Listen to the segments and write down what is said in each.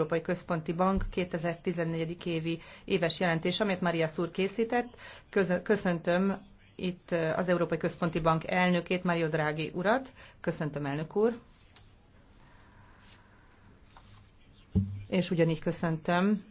Európai Központi Bank 2014. évi éves jelentés, amit Maria Szúr készített. Köszöntöm itt eh, az Európai Központi Bank elnökét, Mario Drági urat. Köszöntöm, elnök úr. És ugyanígy köszöntöm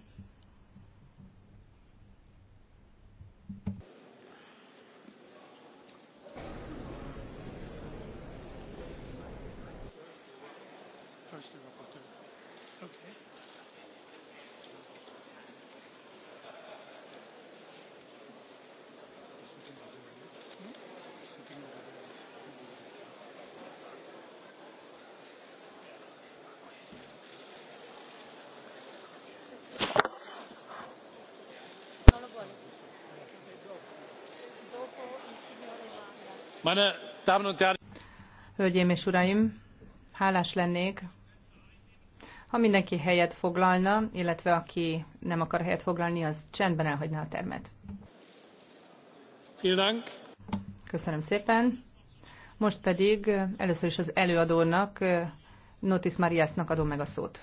Hölgyeim és Uraim, hálás lennék, ha mindenki helyet foglalna, illetve aki nem akar helyet foglalni, az csendben elhagyná a termet. Köszönöm szépen. Most pedig először is az előadónak, Notis Mariasnak adom meg a szót.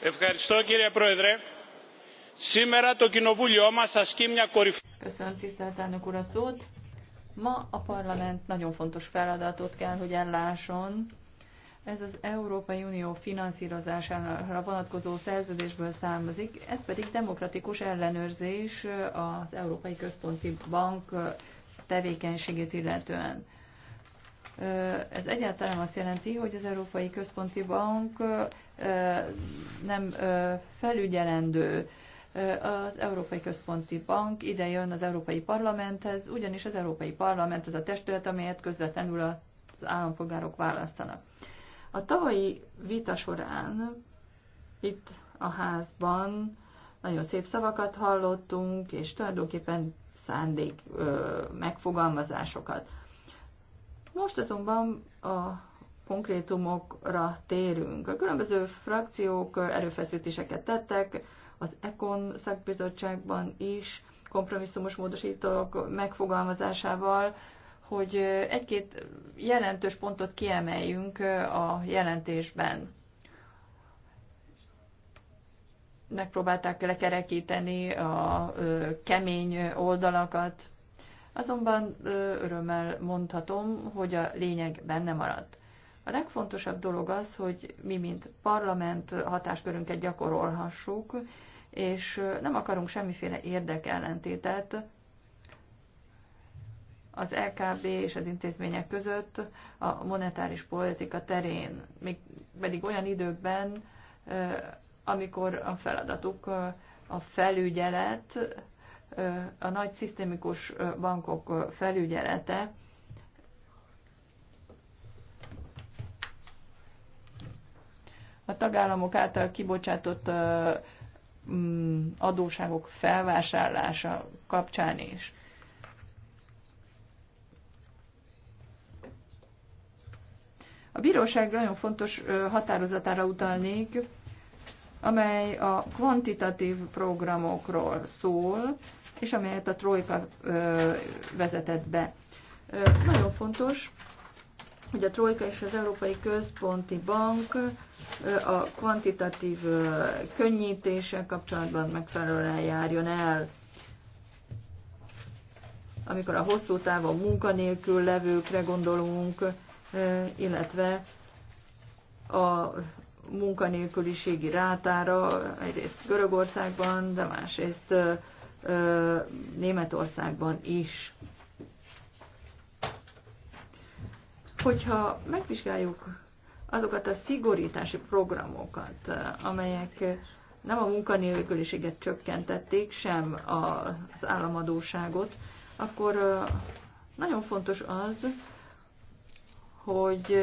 Köszönöm, Σήμερα το κοινοβούλιο μας ασκεί μια korif. Köszönöm tisztelt elnök úr a szót. Ma a parlament nagyon fontos feladatot kell, hogy ellásson. Ez az Európai Unió finanszírozására vonatkozó szerződésből származik, ez pedig demokratikus ellenőrzés az Európai Központi Bank tevékenységét illetően. Ez egyáltalán azt jelenti, hogy az Európai Központi Bank nem felügyelendő az Európai Központi Bank ide jön az Európai Parlamenthez, ugyanis az Európai Parlament az a testület, amelyet közvetlenül az állampolgárok választanak. A tavalyi vita során itt a házban nagyon szép szavakat hallottunk, és tulajdonképpen szándék ö, megfogalmazásokat. Most azonban a konkrétumokra térünk. A különböző frakciók erőfeszítéseket tettek, az ECON szakbizottságban is kompromisszumos módosítók megfogalmazásával, hogy egy-két jelentős pontot kiemeljünk a jelentésben. Megpróbálták lekerekíteni a kemény oldalakat, azonban örömmel mondhatom, hogy a lényeg benne maradt. A legfontosabb dolog az, hogy mi, mint parlament hatáskörünket gyakorolhassuk, és nem akarunk semmiféle érdekellentétet az LKB és az intézmények között a monetáris politika terén, még pedig olyan időkben, amikor a feladatuk a felügyelet, a nagy szisztémikus bankok felügyelete, a tagállamok által kibocsátott mm, adóságok felvásárlása kapcsán is. A bíróság nagyon fontos határozatára utalnék, amely a kvantitatív programokról szól, és amelyet a Trojka vezetett be. Nagyon fontos, hogy a Trojka és az Európai Központi Bank a kvantitatív könnyítéssel kapcsolatban megfelelően járjon el. Amikor a hosszú távon munkanélkül levőkre gondolunk, illetve a munkanélküliségi rátára egyrészt Görögországban, de másrészt Németországban is. hogyha megvizsgáljuk azokat a szigorítási programokat, amelyek nem a munkanélküliséget csökkentették, sem az államadóságot, akkor nagyon fontos az, hogy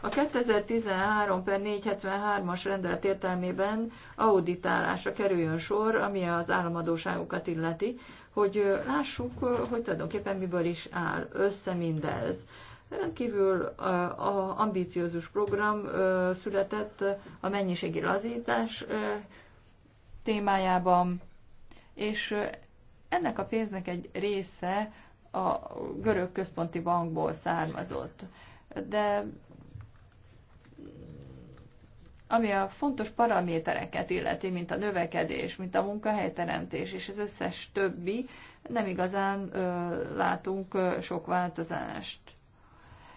a 2013 per 473-as rendelet értelmében auditálásra kerüljön sor, ami az államadóságokat illeti, hogy lássuk, hogy tulajdonképpen miből is áll össze mindez. Rendkívül a ambíciózus program született a mennyiségi lazítás témájában, és ennek a pénznek egy része a görög központi bankból származott. De ami a fontos paramétereket illeti, mint a növekedés, mint a munkahelyteremtés és az összes többi, nem igazán ö, látunk ö, sok változást.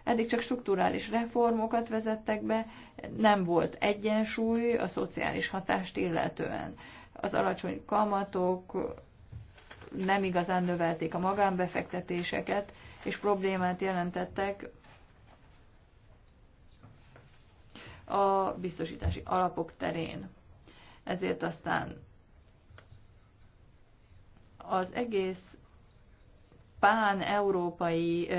Eddig csak strukturális reformokat vezettek be, nem volt egyensúly a szociális hatást illetően. Az alacsony kamatok nem igazán növelték a magánbefektetéseket, és problémát jelentettek a biztosítási alapok terén. Ezért aztán az egész pán-európai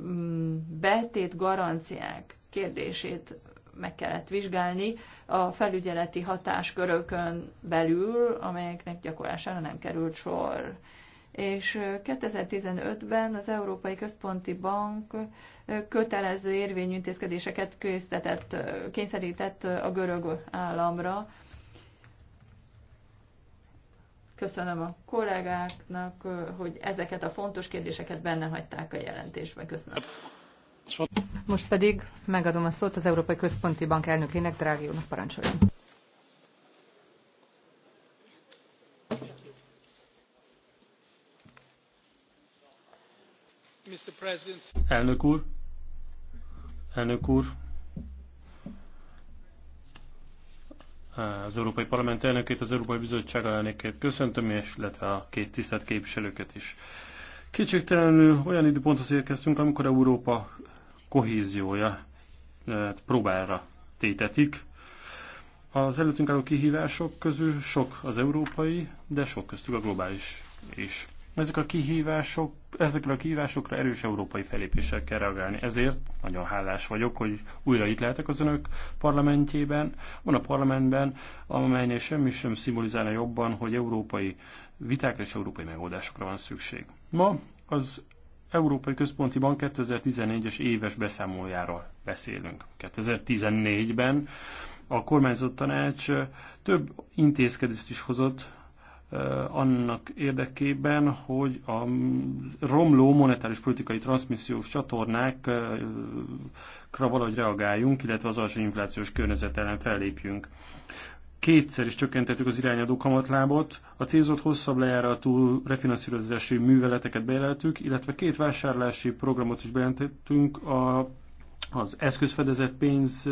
mm, betét garanciák kérdését meg kellett vizsgálni a felügyeleti hatáskörökön belül, amelyeknek gyakorlására nem került sor és 2015-ben az Európai Központi Bank kötelező érvényű intézkedéseket kényszerített a görög államra. Köszönöm a kollégáknak, hogy ezeket a fontos kérdéseket benne hagyták a jelentésben. Köszönöm. Most pedig megadom a szót az Európai Központi Bank elnökének, Drági úrnak parancsoljon. Elnök úr! Elnök úr! Az Európai Parlament elnökét, az Európai Bizottság elnökét köszöntöm, és illetve a két tisztelt képviselőket is. Kétségtelenül olyan időponthoz érkeztünk, amikor Európa kohéziója e, próbára tétetik. Az előttünk álló kihívások közül sok az európai, de sok köztük a globális is. Ezek a kihívások, ezekre a kihívásokra erős európai felépéssel kell reagálni. Ezért nagyon hálás vagyok, hogy újra itt lehetek az önök parlamentjében, van a parlamentben, amelynél semmi sem szimbolizálna jobban, hogy európai vitákra és európai megoldásokra van szükség. Ma az Európai Központi Bank 2014-es éves beszámoljáról beszélünk. 2014-ben a kormányzott tanács több intézkedést is hozott Eh, annak érdekében, hogy a romló monetáris politikai transmissziós csatornákra eh, valahogy reagáljunk, illetve az alacsony inflációs környezet ellen fellépjünk. Kétszer is csökkentettük az irányadó kamatlábot, a célzott hosszabb lejáratú refinanszírozási műveleteket bejelentük, illetve két vásárlási programot is bejelentettünk a az eszközfedezett pénz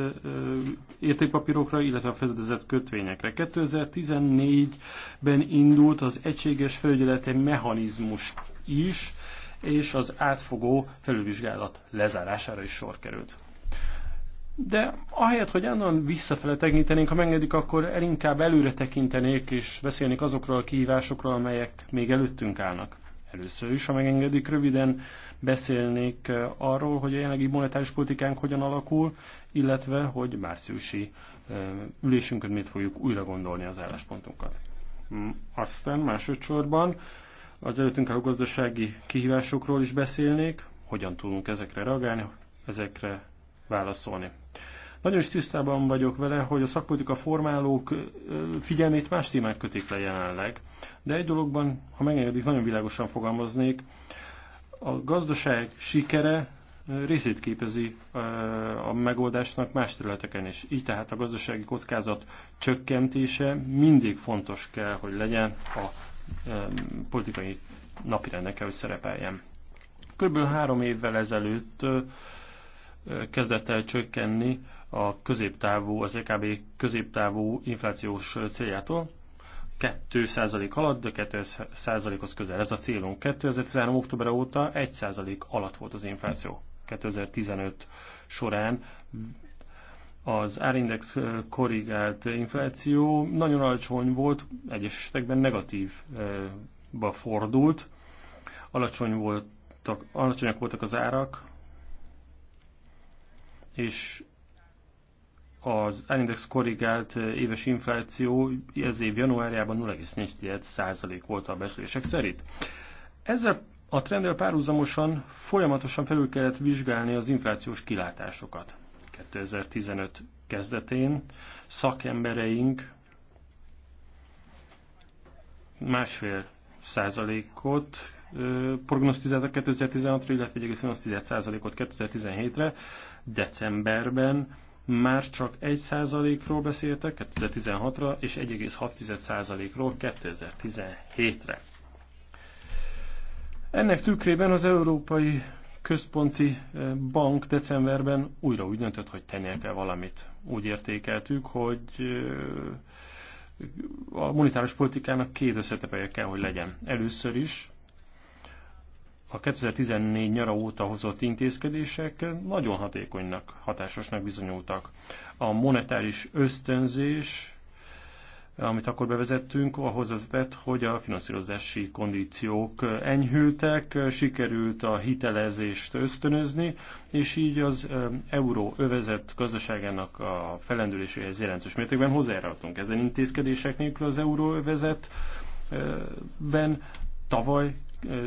értékpapírokra, illetve a fedezett kötvényekre. 2014-ben indult az egységes felügyeleti mechanizmus is, és az átfogó felülvizsgálat lezárására is sor került. De ahelyett, hogy annan visszafele tekintenénk, ha megengedik, akkor el inkább előre tekintenék, és beszélnék azokról a kihívásokról, amelyek még előttünk állnak. Először is, ha megengedik, röviden beszélnék eh, arról, hogy a jelenlegi monetáris politikánk hogyan alakul, illetve hogy márciusi eh, ülésünkön mit fogjuk újra gondolni az álláspontunkat. Mm, aztán másodszorban az előttünk álló gazdasági kihívásokról is beszélnék, hogyan tudunk ezekre reagálni, ezekre válaszolni. Nagyon is tisztában vagyok vele, hogy a szakpolitika formálók figyelmét más témák kötik le jelenleg. De egy dologban, ha megengedik, nagyon világosan fogalmaznék, a gazdaság sikere részét képezi a megoldásnak más területeken is. Így tehát a gazdasági kockázat csökkentése mindig fontos kell, hogy legyen a politikai napirenden hogy szerepeljen. Körülbelül három évvel ezelőtt kezdett el csökkenni a középtávú, az EKB középtávú inflációs céljától. 2% alatt, de 2%-hoz közel. Ez a célunk. 2013. október óta 1% alatt volt az infláció. 2015 során az árindex korrigált infláció nagyon alacsony volt, egyes esetekben negatívba fordult, alacsony voltak, alacsonyak voltak az árak, és az elindex korrigált eh, éves infláció ez év januárjában 0,4% volt a beszélések szerint. Ezzel a trenddel párhuzamosan folyamatosan felül kellett vizsgálni az inflációs kilátásokat. 2015 kezdetén szakembereink másfél százalékot eh, prognosztizáltak 2016-ra, illetve 1,8 százalékot 2017-re decemberben már csak 1%-ról beszéltek 2016-ra, és 1,6%-ról 2017-re. Ennek tükrében az Európai Központi eh, Bank decemberben újra úgy döntött, hogy tennie kell valamit. Úgy értékeltük, hogy eh, a monetáris politikának két összetepeje kell, hogy legyen. Először is a 2014 nyara óta hozott intézkedések nagyon hatékonynak, hatásosnak bizonyultak. A monetáris ösztönzés, amit akkor bevezettünk, ahhoz az lett, hogy a finanszírozási kondíciók enyhültek, sikerült a hitelezést ösztönözni, és így az euró övezet gazdaságának a felendüléséhez jelentős mértékben hozzájárultunk. Ezen intézkedések nélkül az euró övezetben tavaly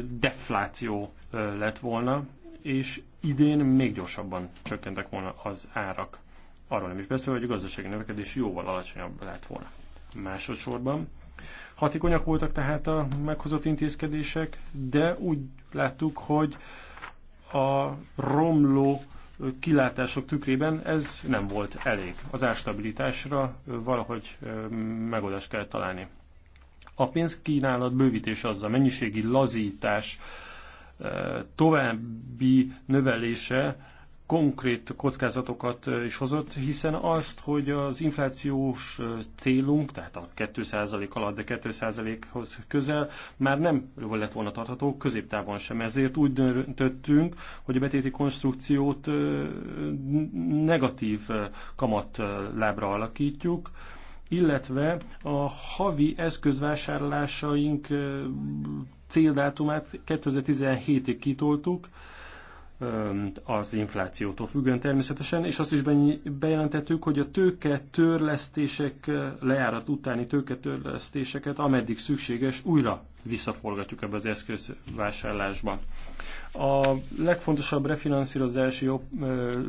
defláció lett volna, és idén még gyorsabban csökkentek volna az árak. Arról nem is beszélve, hogy a gazdasági növekedés jóval alacsonyabb lett volna. Másodszorban hatékonyak voltak tehát a meghozott intézkedések, de úgy láttuk, hogy a romló kilátások tükrében ez nem volt elég. Az árstabilitásra valahogy megoldást kell találni. A pénzkínálat bővítés az a mennyiségi lazítás eh, további növelése konkrét kockázatokat eh, is hozott, hiszen azt, hogy az inflációs eh, célunk, tehát a 2% alatt, de 2%-hoz közel, már nem lett volna tartható, középtávon sem. Ezért úgy döntöttünk, hogy a betéti konstrukciót negatív kamat lábra alakítjuk, illetve a havi eszközvásárlásaink céldátumát 2017-ig kitoltuk, az inflációtól függően természetesen, és azt is bejelentettük, hogy a tőke törlesztések lejárat utáni tőke törlesztéseket, ameddig szükséges, újra visszaforgatjuk ebbe az eszközvásárlásba. A legfontosabb refinanszírozási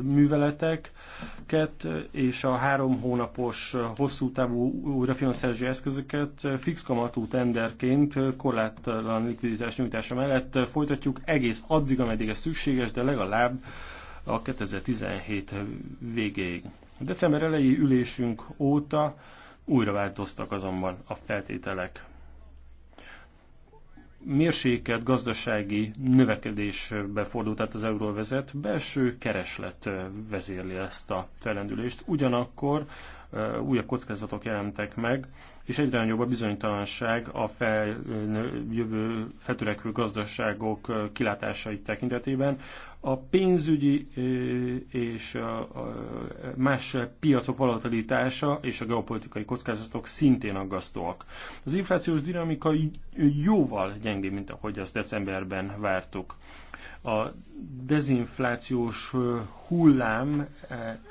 műveleteket és a három hónapos hosszú távú refinanszírozási eszközöket fix kamatú tenderként korlátlan likviditás nyújtása mellett folytatjuk egész addig, ameddig ez szükséges, de legalább a 2017 végéig. December elejé ülésünk óta újra változtak azonban a feltételek mérsékelt gazdasági növekedésbe fordult át az euróvezet, belső kereslet vezérli ezt a felendülést. Ugyanakkor újabb kockázatok jelentek meg, és egyre nagyobb a bizonytalanság a feljövő fetörekvő gazdaságok kilátásai tekintetében. A pénzügyi és más piacok volatilitása és a geopolitikai kockázatok szintén aggasztóak. Az inflációs dinamika jóval gyengébb, mint ahogy azt decemberben vártuk. A dezinflációs hullám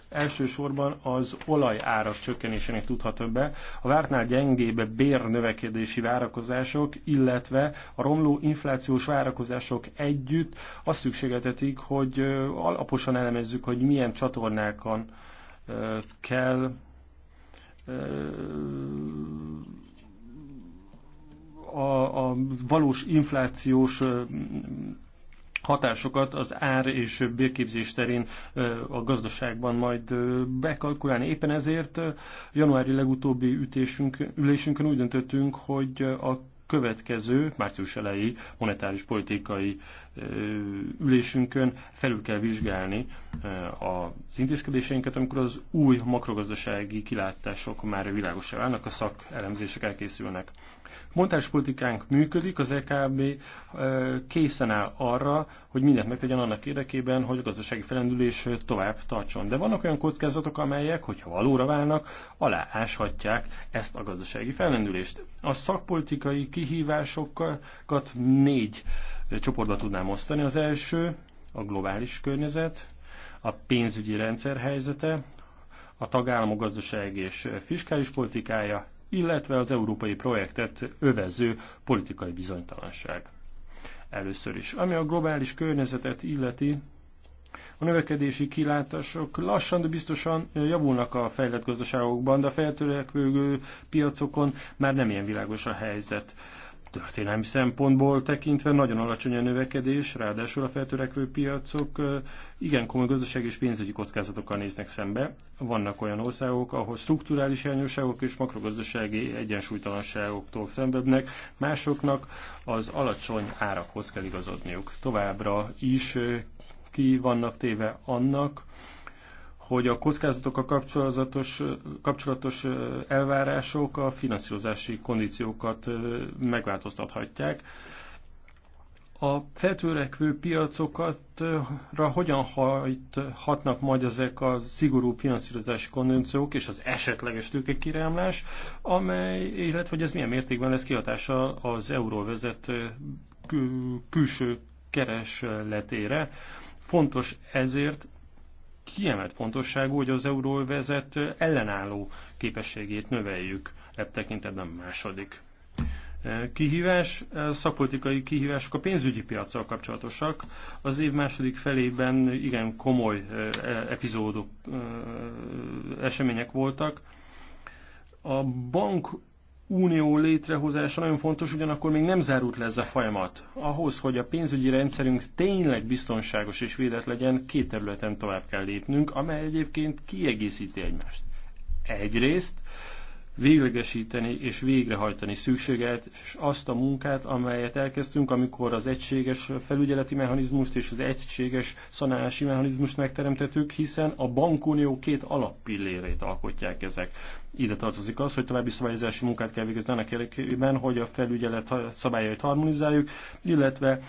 elsősorban az olajárak csökkenésének tudható be, a vártnál gyengébb bérnövekedési várakozások, illetve a romló inflációs várakozások együtt azt szükségetetik, hogy alaposan elemezzük, hogy milyen csatornákon kell a, a valós inflációs hatásokat az ár és bérképzés terén a gazdaságban majd bekalkulálni. Éppen ezért januári legutóbbi ütésünk, ülésünkön úgy döntöttünk, hogy a következő, március elejé monetáris politikai ülésünkön felül kell vizsgálni az intézkedéseinket, amikor az új makrogazdasági kilátások már világosra állnak, a szakelemzések elkészülnek. Montás politikánk működik, az EKB készen áll arra, hogy mindent megtegyen annak érdekében, hogy a gazdasági felendülés tovább tartson. De vannak olyan kockázatok, amelyek, hogyha valóra válnak, alááshatják ezt a gazdasági felendülést. A szakpolitikai kihívásokat négy csoportba tudnám osztani. Az első a globális környezet, a pénzügyi rendszer helyzete, a tagállamok gazdasági és fiskális politikája, illetve az európai projektet övező politikai bizonytalanság. Először is. Ami a globális környezetet illeti, a növekedési kilátások lassan, de biztosan javulnak a fejlett gazdaságokban, de a feltörekvő piacokon már nem ilyen világos a helyzet történelmi szempontból tekintve nagyon alacsony a növekedés, ráadásul a feltörekvő piacok igen komoly gazdasági és pénzügyi kockázatokkal néznek szembe. Vannak olyan országok, ahol strukturális hiányosságok és makrogazdasági egyensúlytalanságoktól szenvednek, másoknak az alacsony árakhoz kell igazodniuk. Továbbra is ki vannak téve annak, hogy a kockázatokkal kapcsolatos, kapcsolatos elvárások a finanszírozási kondíciókat megváltoztathatják. A feltörekvő piacokatra hogyan hatnak majd ezek a szigorú finanszírozási kondíciók és az esetleges tőkekirámlás, amely, illetve hogy ez milyen mértékben lesz kihatása az euróvezet kül külső keresletére. Fontos ezért kiemelt fontosságú, hogy az euróvezet ellenálló képességét növeljük ebb tekintetben második e, kihívás, e, szakpolitikai kihívások a pénzügyi piacsal kapcsolatosak. Az év második felében igen komoly e, epizódok, események voltak. A bank unió létrehozása nagyon fontos, ugyanakkor még nem zárult le ez a folyamat. Ahhoz, hogy a pénzügyi rendszerünk tényleg biztonságos és védett legyen, két területen tovább kell lépnünk, amely egyébként kiegészíti egymást. Egyrészt véglegesíteni és végrehajtani szükséget, és azt a munkát, amelyet elkezdtünk, amikor az egységes felügyeleti mechanizmust és az egységes szanálási mechanizmust megteremtettük, hiszen a bankunió két alappillérét alkotják ezek. Ide tartozik az, hogy további szabályozási munkát kell végezni annak érdekében, hogy a felügyelet szabályait harmonizáljuk, illetve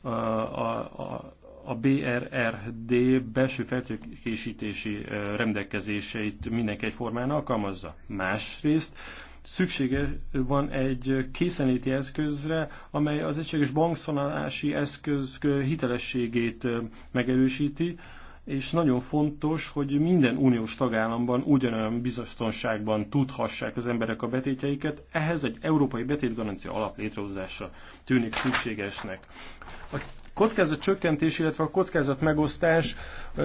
a, a, a a BRRD belső feltökésítési rendelkezéseit mindenki egyformán alkalmazza. Másrészt szüksége van egy készenléti eszközre, amely az egységes bankszonálási eszköz hitelességét megerősíti, és nagyon fontos, hogy minden uniós tagállamban ugyanolyan biztonságban tudhassák az emberek a betétjeiket, ehhez egy európai betétgarancia alap létrehozása tűnik szükségesnek. A kockázat csökkentés, illetve a kockázat megosztás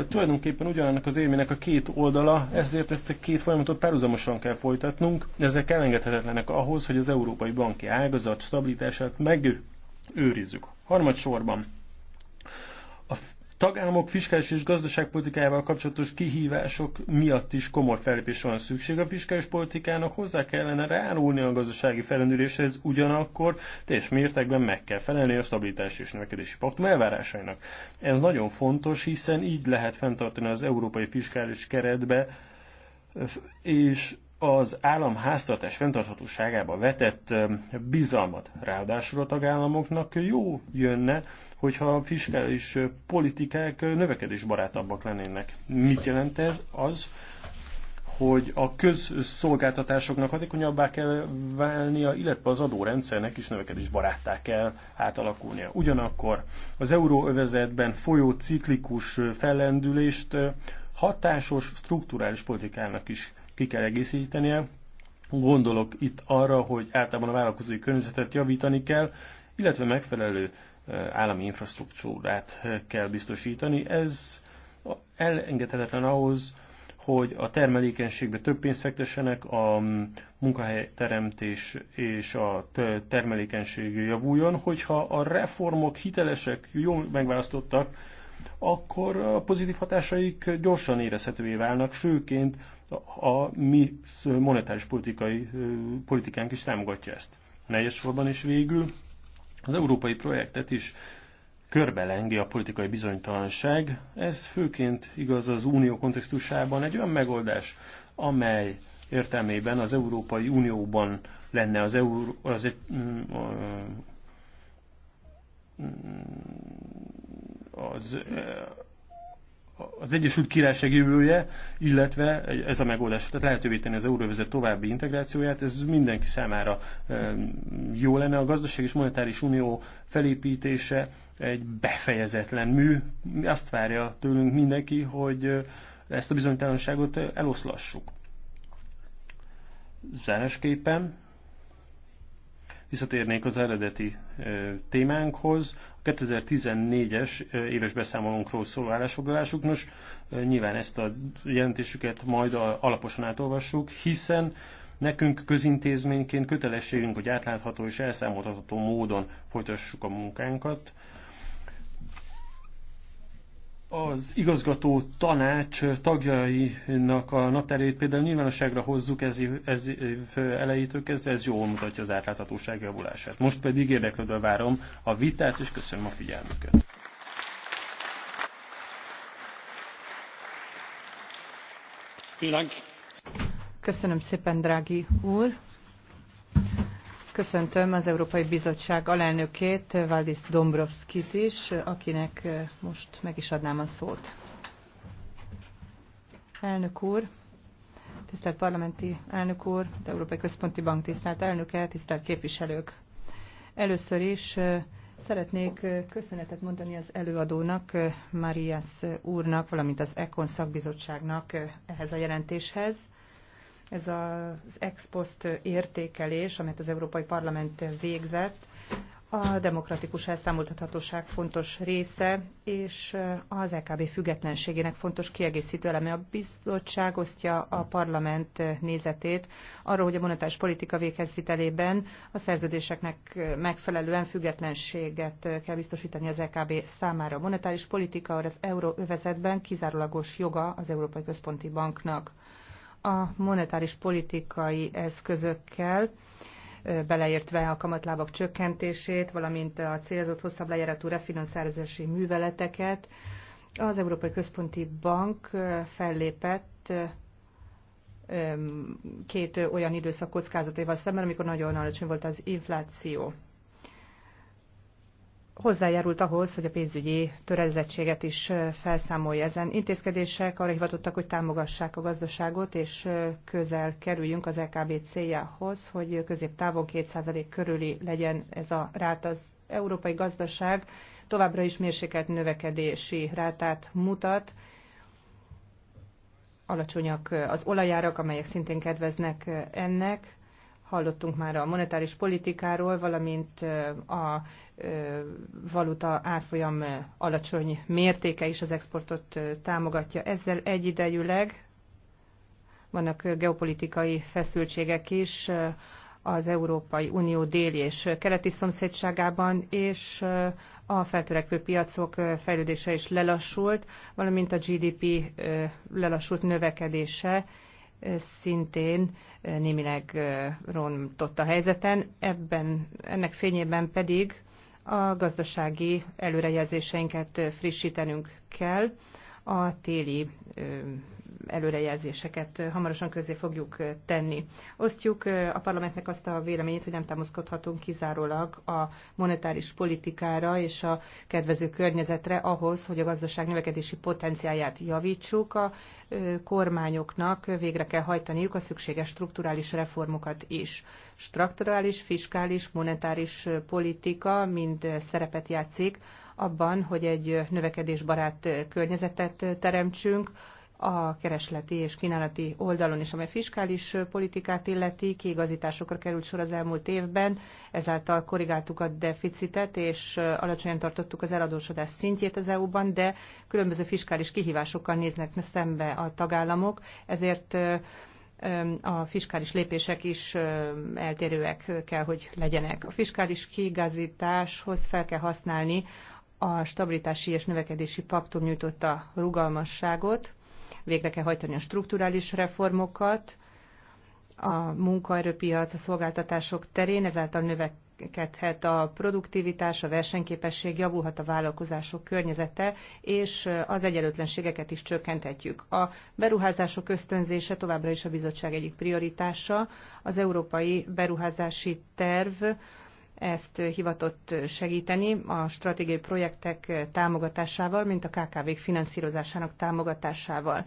tulajdonképpen ugyanannak az élménynek a két oldala, ezért ezt a két folyamatot párhuzamosan kell folytatnunk. Ezek elengedhetetlenek ahhoz, hogy az európai banki ágazat stabilitását megőrizzük. Harmadsorban a tagállamok fiskális és gazdaságpolitikájával kapcsolatos kihívások miatt is komoly fellépésre van szükség. A fiskális politikának hozzá kellene ráulni a gazdasági felendüléshez, ugyanakkor teljes mértékben meg kell felelni a stabilitás és növekedési paktum elvárásainak. Ez nagyon fontos, hiszen így lehet fenntartani az európai fiskális keretbe és az állam háztartás fenntarthatóságába vetett bizalmat. Ráadásul a tagállamoknak jó jönne, hogyha a fiskális politikák növekedésbarátabbak lennének. Mit jelent ez? Az, hogy a közszolgáltatásoknak hatékonyabbá kell válnia, illetve az adórendszernek is növekedés kell átalakulnia. Ugyanakkor az euróövezetben folyó ciklikus fellendülést hatásos strukturális politikának is ki kell egészítenie. Gondolok itt arra, hogy általában a vállalkozói környezetet javítani kell, illetve megfelelő állami infrastruktúrát kell biztosítani. Ez elengedhetetlen ahhoz, hogy a termelékenységbe több pénzt fektessenek, a munkahelyteremtés és a termelékenység javuljon. Hogyha a reformok hitelesek, jól megválasztottak, akkor a pozitív hatásaik gyorsan érezhetővé válnak, főként a mi monetáris politikai, politikánk is támogatja ezt. Negyes sorban is végül az európai projektet is körbelengi a politikai bizonytalanság. Ez főként igaz az unió kontextusában egy olyan megoldás, amely értelmében az Európai Unióban lenne az, Euró, az egy, mm, mm, az az Egyesült Királyság jövője, illetve ez a megoldás, tehát lehetővé tenni az euróvezet további integrációját, ez mindenki számára jó lenne. A gazdaság és monetáris unió felépítése egy befejezetlen mű. Azt várja tőlünk mindenki, hogy ezt a bizonytalanságot eloszlassuk. Zárásképpen Visszatérnék az eredeti témánkhoz. A 2014-es éves beszámolónkról szóló állásfoglalásuk. Nos, nyilván ezt a jelentésüket majd alaposan átolvassuk, hiszen Nekünk közintézményként kötelességünk, hogy átlátható és elszámoltatható módon folytassuk a munkánkat az igazgató tanács tagjainak a napterét például nyilvánosságra hozzuk ez év, ez év elejétől kezdve, ez jól mutatja az átláthatóság javulását. Most pedig érdeklődve várom a vitát, és köszönöm a figyelmüket. Köszönöm szépen, drági úr! Köszöntöm az Európai Bizottság alelnökét, Valdis Dombrovskit is, akinek eh, most meg is adnám a szót. Elnök úr, tisztelt parlamenti elnök úr, az Európai Központi Bank tisztelt elnöke, tisztelt képviselők. Először is eh, Szeretnék eh, köszönetet mondani az előadónak, Marias úrnak, valamint az ECON szakbizottságnak ehhez a jelentéshez. Ez az ex post értékelés, amit az Európai Parlament végzett, a demokratikus elszámoltathatóság fontos része, és az EKB függetlenségének fontos kiegészítő eleme. A bizottság osztja a parlament nézetét arról, hogy a monetáris politika véghezvitelében a szerződéseknek megfelelően függetlenséget kell biztosítani az EKB számára. A monetáris politika az euróövezetben kizárólagos joga az Európai Központi Banknak a monetáris politikai eszközökkel, beleértve a kamatlábak csökkentését, valamint a célzott hosszabb lejáratú refinanszározási műveleteket, az Európai Központi Bank fellépett két olyan időszak kockázataival szemben, amikor nagyon alacsony volt az infláció hozzájárult ahhoz, hogy a pénzügyi töredezettséget is felszámolja ezen intézkedések, arra hivatottak, hogy támogassák a gazdaságot, és közel kerüljünk az LKB céljához, hogy középtávon 2% körüli legyen ez a rát Az európai gazdaság továbbra is mérsékelt növekedési rátát mutat, alacsonyak az olajárak, amelyek szintén kedveznek ennek, Hallottunk már a monetáris politikáról, valamint a valuta árfolyam alacsony mértéke is az exportot támogatja. Ezzel egyidejűleg vannak geopolitikai feszültségek is az Európai Unió déli és keleti szomszédságában, és a feltörekvő piacok fejlődése is lelassult, valamint a GDP lelassult növekedése szintén némileg rontott a helyzeten, ebben, ennek fényében pedig a gazdasági előrejelzéseinket frissítenünk kell a téli előrejelzéseket hamarosan közé fogjuk tenni. Osztjuk a parlamentnek azt a véleményét, hogy nem támaszkodhatunk kizárólag a monetáris politikára és a kedvező környezetre ahhoz, hogy a gazdaság növekedési potenciáját javítsuk. A kormányoknak végre kell hajtaniuk a szükséges strukturális reformokat is. Strukturális, fiskális, monetáris politika mind szerepet játszik abban, hogy egy növekedésbarát környezetet teremtsünk, a keresleti és kínálati oldalon is, amely fiskális politikát illeti, kiigazításokra került sor az elmúlt évben, ezáltal korrigáltuk a deficitet, és alacsonyan tartottuk az eladósodás szintjét az EU-ban, de különböző fiskális kihívásokkal néznek szembe a tagállamok, ezért a fiskális lépések is eltérőek kell, hogy legyenek. A fiskális kiigazításhoz fel kell használni a stabilitási és növekedési paktum nyújtotta rugalmasságot, végre kell hajtani a strukturális reformokat, a munkaerőpiac, a szolgáltatások terén, ezáltal növekedhet a produktivitás, a versenyképesség, javulhat a vállalkozások környezete, és az egyenlőtlenségeket is csökkenthetjük. A beruházások ösztönzése továbbra is a bizottság egyik prioritása. Az európai beruházási terv ezt hivatott segíteni a stratégiai projektek támogatásával, mint a KKV-k finanszírozásának támogatásával.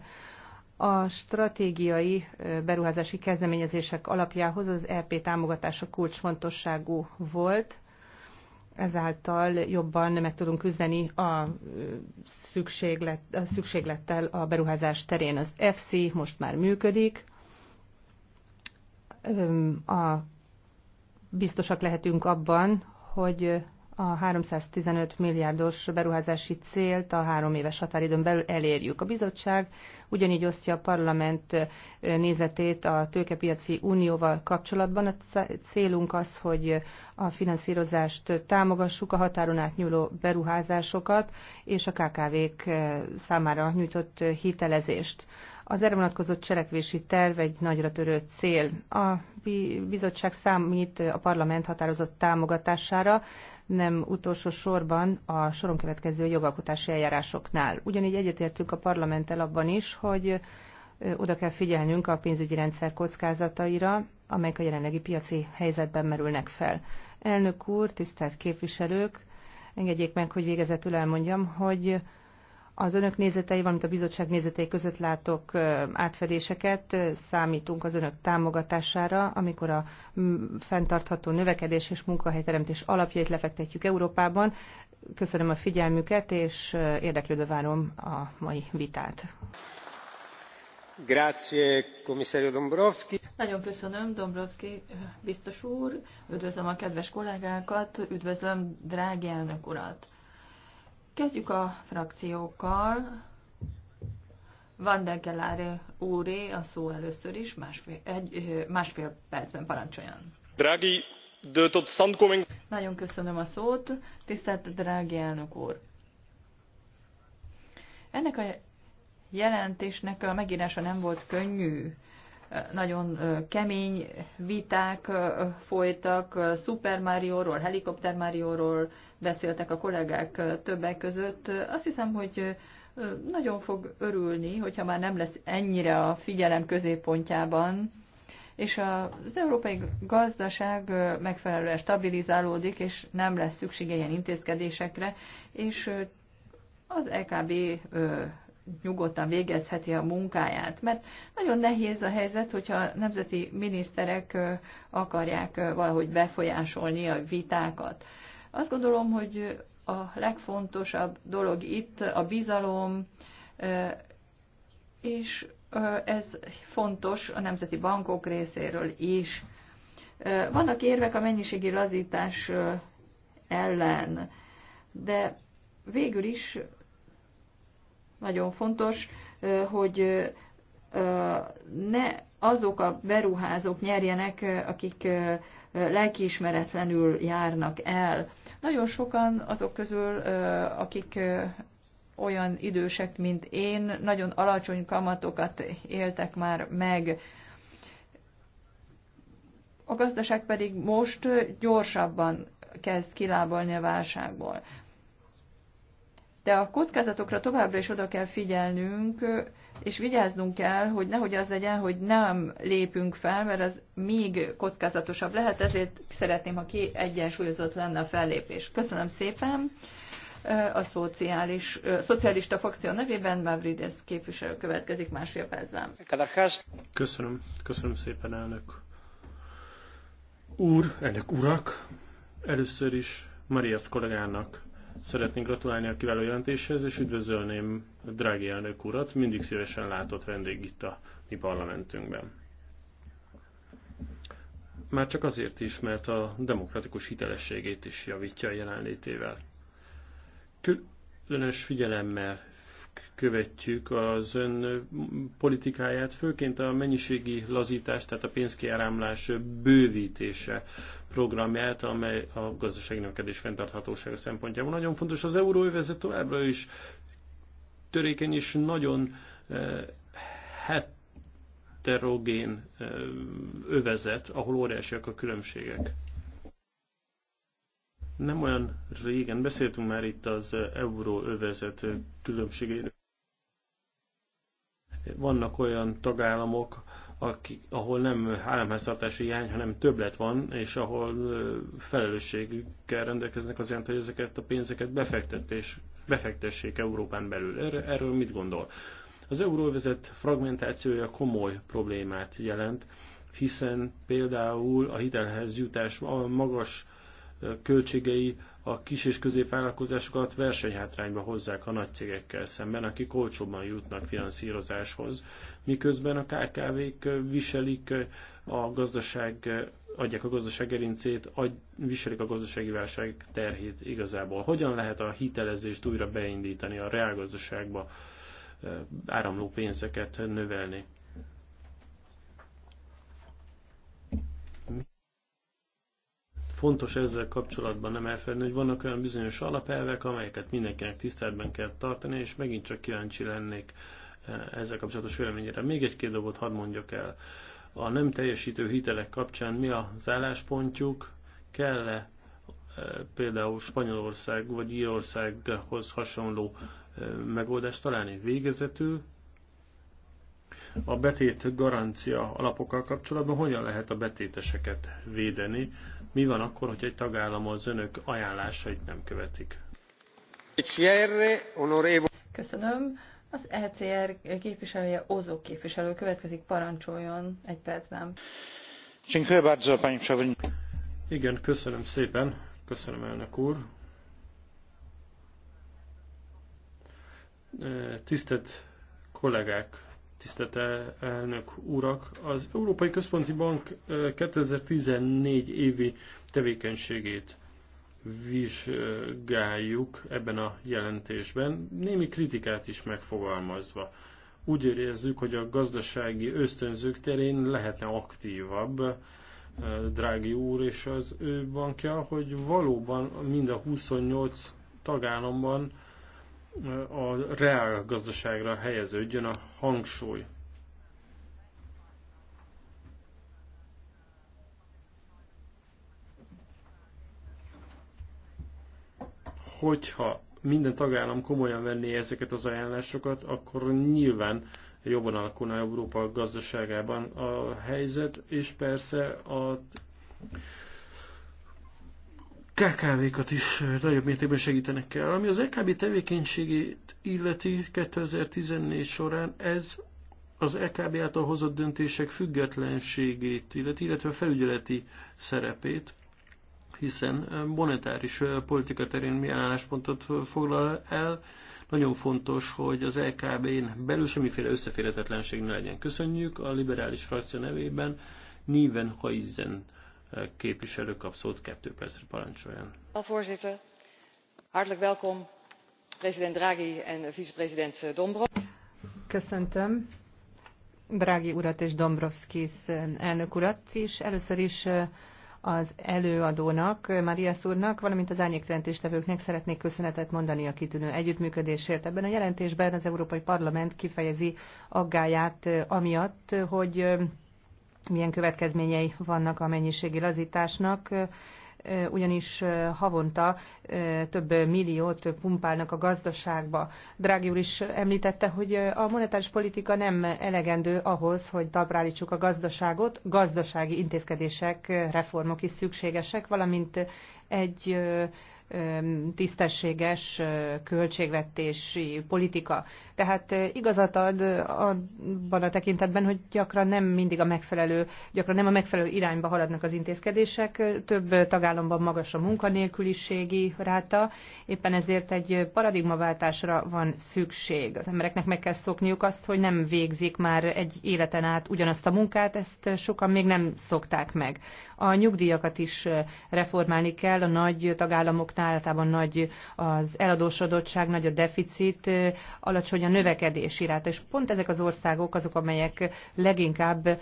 A stratégiai beruházási kezdeményezések alapjához az EP támogatása kulcsfontosságú volt, ezáltal jobban meg tudunk küzdeni a, szükséglet, a szükséglettel a beruházás terén. Az FC most már működik, a biztosak lehetünk abban, hogy a 315 milliárdos beruházási célt a három éves határidőn belül elérjük. A bizottság ugyanígy osztja a parlament nézetét a tőkepiaci unióval kapcsolatban. A célunk az, hogy a finanszírozást támogassuk, a határon átnyúló beruházásokat és a KKV-k számára nyújtott hitelezést. Az erre vonatkozó cselekvési terv egy nagyra törő cél. A bizottság számít a parlament határozott támogatására, nem utolsó sorban a soron következő jogalkotási eljárásoknál. Ugyanígy egyetértünk a parlamenttel abban is, hogy oda kell figyelnünk a pénzügyi rendszer kockázataira, amelyek a jelenlegi piaci helyzetben merülnek fel. Elnök úr, tisztelt képviselők, engedjék meg, hogy végezetül elmondjam, hogy az önök nézetei, valamint a bizottság nézetei között látok átfedéseket, számítunk az önök támogatására, amikor a fenntartható növekedés és munkahelyteremtés alapjait lefektetjük Európában. Köszönöm a figyelmüket, és érdeklődve várom a mai vitát. Grazie, komissario Dombrovski. Nagyon köszönöm, Dombrovski biztos úr. Üdvözlöm a kedves kollégákat, üdvözlöm drági elnök urat. Kezdjük a frakciókkal. Van de úré a szó először is, másfél, egy, másfél percben parancsoljon. Drági, de tot standkoming... Nagyon köszönöm a szót, tisztelt drági elnök úr. Ennek a jelentésnek a megírása nem volt könnyű nagyon kemény viták folytak, Super Mario-ról, Helikopter Mario-ról beszéltek a kollégák többek között. Azt hiszem, hogy nagyon fog örülni, hogyha már nem lesz ennyire a figyelem középpontjában, és az európai gazdaság megfelelően stabilizálódik, és nem lesz szüksége ilyen intézkedésekre, és az EKB nyugodtan végezheti a munkáját. Mert nagyon nehéz a helyzet, hogyha a nemzeti miniszterek akarják valahogy befolyásolni a vitákat. Azt gondolom, hogy a legfontosabb dolog itt a bizalom, és ez fontos a nemzeti bankok részéről is. Vannak érvek a mennyiségi lazítás ellen, de végül is nagyon fontos, hogy ne azok a beruházók nyerjenek, akik lelkiismeretlenül járnak el. Nagyon sokan azok közül, akik olyan idősek, mint én, nagyon alacsony kamatokat éltek már meg. A gazdaság pedig most gyorsabban kezd kilábalni a válságból de a kockázatokra továbbra is oda kell figyelnünk, és vigyáznunk kell, hogy nehogy az legyen, hogy nem lépünk fel, mert az még kockázatosabb lehet, ezért szeretném, ha kiegyensúlyozott lenne a fellépés. Köszönöm szépen! A szociális, a szocialista fakció nevében Mavrides képviselő következik másfél percben. Köszönöm, köszönöm szépen elnök úr, elnök urak. Először is Marias kollégának Szeretnénk gratulálni a kiváló jelentéshez, és üdvözölném drági elnök urat, mindig szívesen látott vendég itt a mi parlamentünkben. Már csak azért is, mert a demokratikus hitelességét is javítja a jelenlétével. Különös figyelemmel követjük az ön politikáját, főként a mennyiségi lazítás, tehát a pénzkiáramlás bővítése programját, amely a gazdasági növekedés fenntarthatósága szempontjából nagyon fontos. Az euróövezet továbbra is törékeny és nagyon eh, heterogén eh, övezet, ahol óriásiak a különbségek. Nem olyan régen beszéltünk már itt az euróövezet különbségeiről. Vannak olyan tagállamok, aki, ahol nem államháztartási hiány, hanem többlet van, és ahol felelősségükkel rendelkeznek azért, hogy ezeket a pénzeket befektetés, befektessék Európán belül. erről mit gondol? Az euróvezet fragmentációja komoly problémát jelent, hiszen például a hitelhez jutás a magas költségei a kis és középvállalkozásokat versenyhátrányba hozzák a nagy cégekkel szemben, akik olcsóban jutnak finanszírozáshoz, miközben a KKV-k viselik a gazdaság, adják a gazdaság gerincét, ad, viselik a gazdasági válság terhét igazából. Hogyan lehet a hitelezést újra beindítani, a reálgazdaságba eh, áramló pénzeket növelni? Fontos ezzel kapcsolatban nem elfelejteni, hogy vannak olyan bizonyos alapelvek, amelyeket mindenkinek tiszteletben kell tartani, és megint csak kíváncsi lennék eh, ezzel kapcsolatos véleményére. Még egy-két dolgot hadd mondjak el. A nem teljesítő hitelek kapcsán mi az álláspontjuk? Kell-e eh, például Spanyolország vagy Írországhoz hasonló eh, megoldást találni végezetül. A betét garancia alapokkal kapcsolatban hogyan lehet a betéteseket védeni? Mi van akkor, hogy egy tagállam az önök ajánlásait nem követik? E köszönöm. Az ECR képviselője, Ozó képviselő következik, parancsoljon egy percben. Igen, köszönöm szépen. Köszönöm, elnök úr. E, tisztelt kollégák, tisztelt elnök urak! Az Európai Központi Bank 2014 évi tevékenységét vizsgáljuk ebben a jelentésben, némi kritikát is megfogalmazva. Úgy érezzük, hogy a gazdasági ösztönzők terén lehetne aktívabb, drági úr és az ő bankja, hogy valóban mind a 28 tagállamban a reál gazdaságra helyeződjön a hangsúly. Hogyha minden tagállam komolyan venné ezeket az ajánlásokat, akkor nyilván jobban alakulna Európa gazdaságában a helyzet, és persze a KKV-kat is nagyobb mértékben segítenek kell. Ami az LKB e tevékenységét illeti 2014 során, ez az LKB e által hozott döntések függetlenségét illeti, illetve a felügyeleti szerepét, hiszen monetáris politika terén milyen álláspontot foglal el. Nagyon fontos, hogy az LKB-n e belül semmiféle összeférhetetlenség ne legyen. Köszönjük a liberális frakció nevében Niven Hajzen képviselő kap szót kettő percre parancsoljon. voorzitter hartelijk welkom president draghi en vicepresident eh, dombrovskis. köszöntöm draghi urat és dombrovskis eh, elnök urat is. először is eh, az előadónak, Marias úrnak, valamint az árnyékjelentéstevőknek szeretnék köszönetet mondani a kitűnő együttműködésért. Ebben a jelentésben az Európai Parlament kifejezi aggáját amiatt, hogy milyen következményei vannak a mennyiségi lazításnak, ugyanis havonta több milliót pumpálnak a gazdaságba. Drági úr is említette, hogy a monetáris politika nem elegendő ahhoz, hogy talprálítsuk a gazdaságot, gazdasági intézkedések, reformok is szükségesek, valamint egy tisztességes költségvetési politika. Tehát igazat ad abban a tekintetben, hogy gyakran nem mindig a megfelelő, gyakran nem a megfelelő irányba haladnak az intézkedések. Több tagállamban magas a munkanélküliségi ráta, éppen ezért egy paradigmaváltásra van szükség. Az embereknek meg kell szokniuk azt, hogy nem végzik már egy életen át ugyanazt a munkát, ezt sokan még nem szokták meg. A nyugdíjakat is reformálni kell a nagy tagállamoknál, országoknál általában nagy az eladósodottság, nagy a deficit, alacsony a növekedési ráta, és pont ezek az országok azok, amelyek leginkább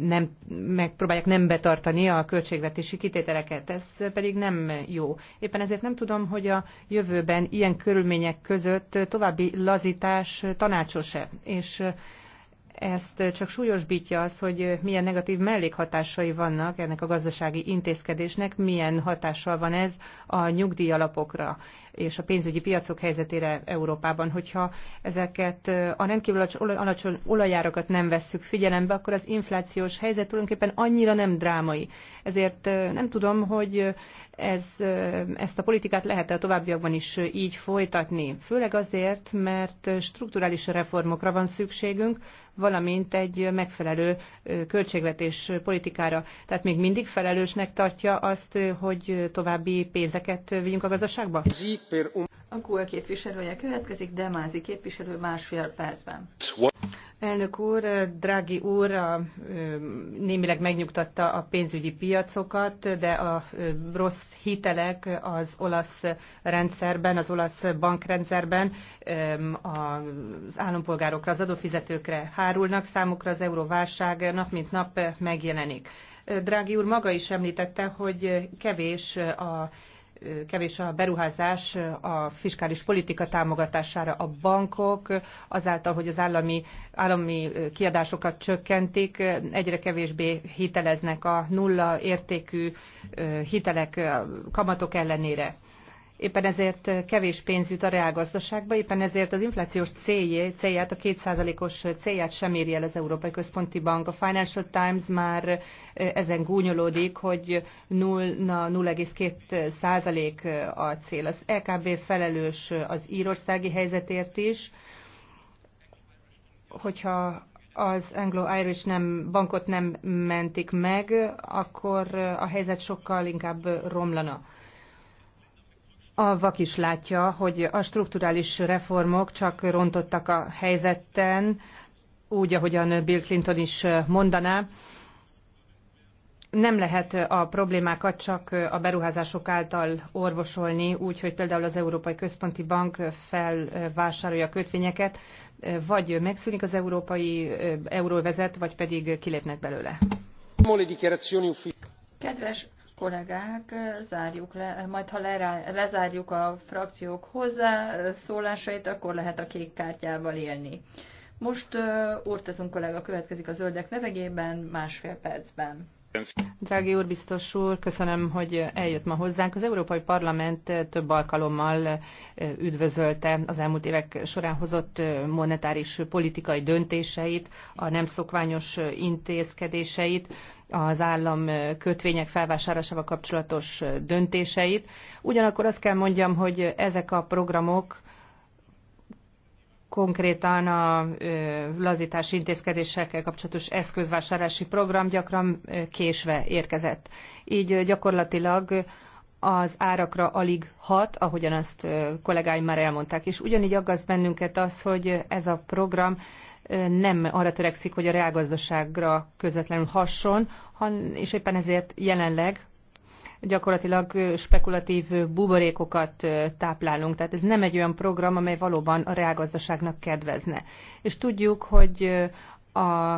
nem, megpróbálják nem betartani a költségvetési kitételeket. Ez pedig nem jó. Éppen ezért nem tudom, hogy a jövőben ilyen körülmények között további lazítás tanácsos-e. És ezt csak súlyosbítja az, hogy milyen negatív mellékhatásai vannak ennek a gazdasági intézkedésnek, milyen hatással van ez a nyugdíjalapokra és a pénzügyi piacok helyzetére Európában. Hogyha ezeket a rendkívül alacsony olajárakat nem vesszük figyelembe, akkor az inflációs helyzet tulajdonképpen annyira nem drámai. Ezért nem tudom, hogy ez, ezt a politikát lehet -e a továbbiakban is így folytatni? Főleg azért, mert strukturális reformokra van szükségünk, valamint egy megfelelő költségvetés politikára. Tehát még mindig felelősnek tartja azt, hogy további pénzeket vigyünk a gazdaságba? Um- a QA képviselője következik, Demázi képviselő másfél percben. Elnök úr, Drági úr a, némileg megnyugtatta a pénzügyi piacokat, de a rossz hitelek az olasz rendszerben, az olasz bankrendszerben az állampolgárokra, az adófizetőkre hárulnak, számukra az euróválság nap mint nap megjelenik. Drági úr maga is említette, hogy kevés a kevés a beruházás a fiskális politika támogatására. A bankok azáltal, hogy az állami, állami kiadásokat csökkentik, egyre kevésbé hiteleznek a nulla értékű hitelek kamatok ellenére éppen ezért kevés pénz jut a reálgazdaságba, éppen ezért az inflációs céljé, célját, a kétszázalékos célját sem éri el az Európai Központi Bank. A Financial Times már eh, ezen gúnyolódik, hogy 0,2 százalék eh, a cél. Az LKB e felelős az írországi helyzetért is, hogyha az Anglo-Irish nem, bankot nem mentik meg, akkor eh, a helyzet sokkal inkább romlana a vak is látja, hogy a strukturális reformok csak rontottak a helyzetten, úgy, ahogyan Bill Clinton is mondaná, nem lehet a problémákat csak a beruházások által orvosolni, úgy, hogy például az Európai Központi Bank felvásárolja a kötvényeket, vagy megszűnik az európai euróvezet, vagy pedig kilépnek belőle. Kedves kollégák, zárjuk le, majd ha lerá, lezárjuk a frakciók hozzászólásait, akkor lehet a kék kártyával élni. Most uh, Ortezon kollega következik a zöldek levegében másfél percben. Drági úr, biztos úr, köszönöm, hogy eljött ma hozzánk. Az Európai Parlament több alkalommal üdvözölte az elmúlt évek során hozott monetáris politikai döntéseit, a nem szokványos intézkedéseit, az állam kötvények felvásárlásával kapcsolatos döntéseit. Ugyanakkor azt kell mondjam, hogy ezek a programok konkrétan a lazítási intézkedésekkel kapcsolatos eszközvásárlási program gyakran késve érkezett. Így gyakorlatilag az árakra alig hat, ahogyan azt kollégáim már elmondták. És ugyanígy aggaszt bennünket az, hogy ez a program nem arra törekszik, hogy a reálgazdaságra közvetlenül hasson, és éppen ezért jelenleg gyakorlatilag spekulatív buborékokat táplálunk. Tehát ez nem egy olyan program, amely valóban a reálgazdaságnak kedvezne. És tudjuk, hogy a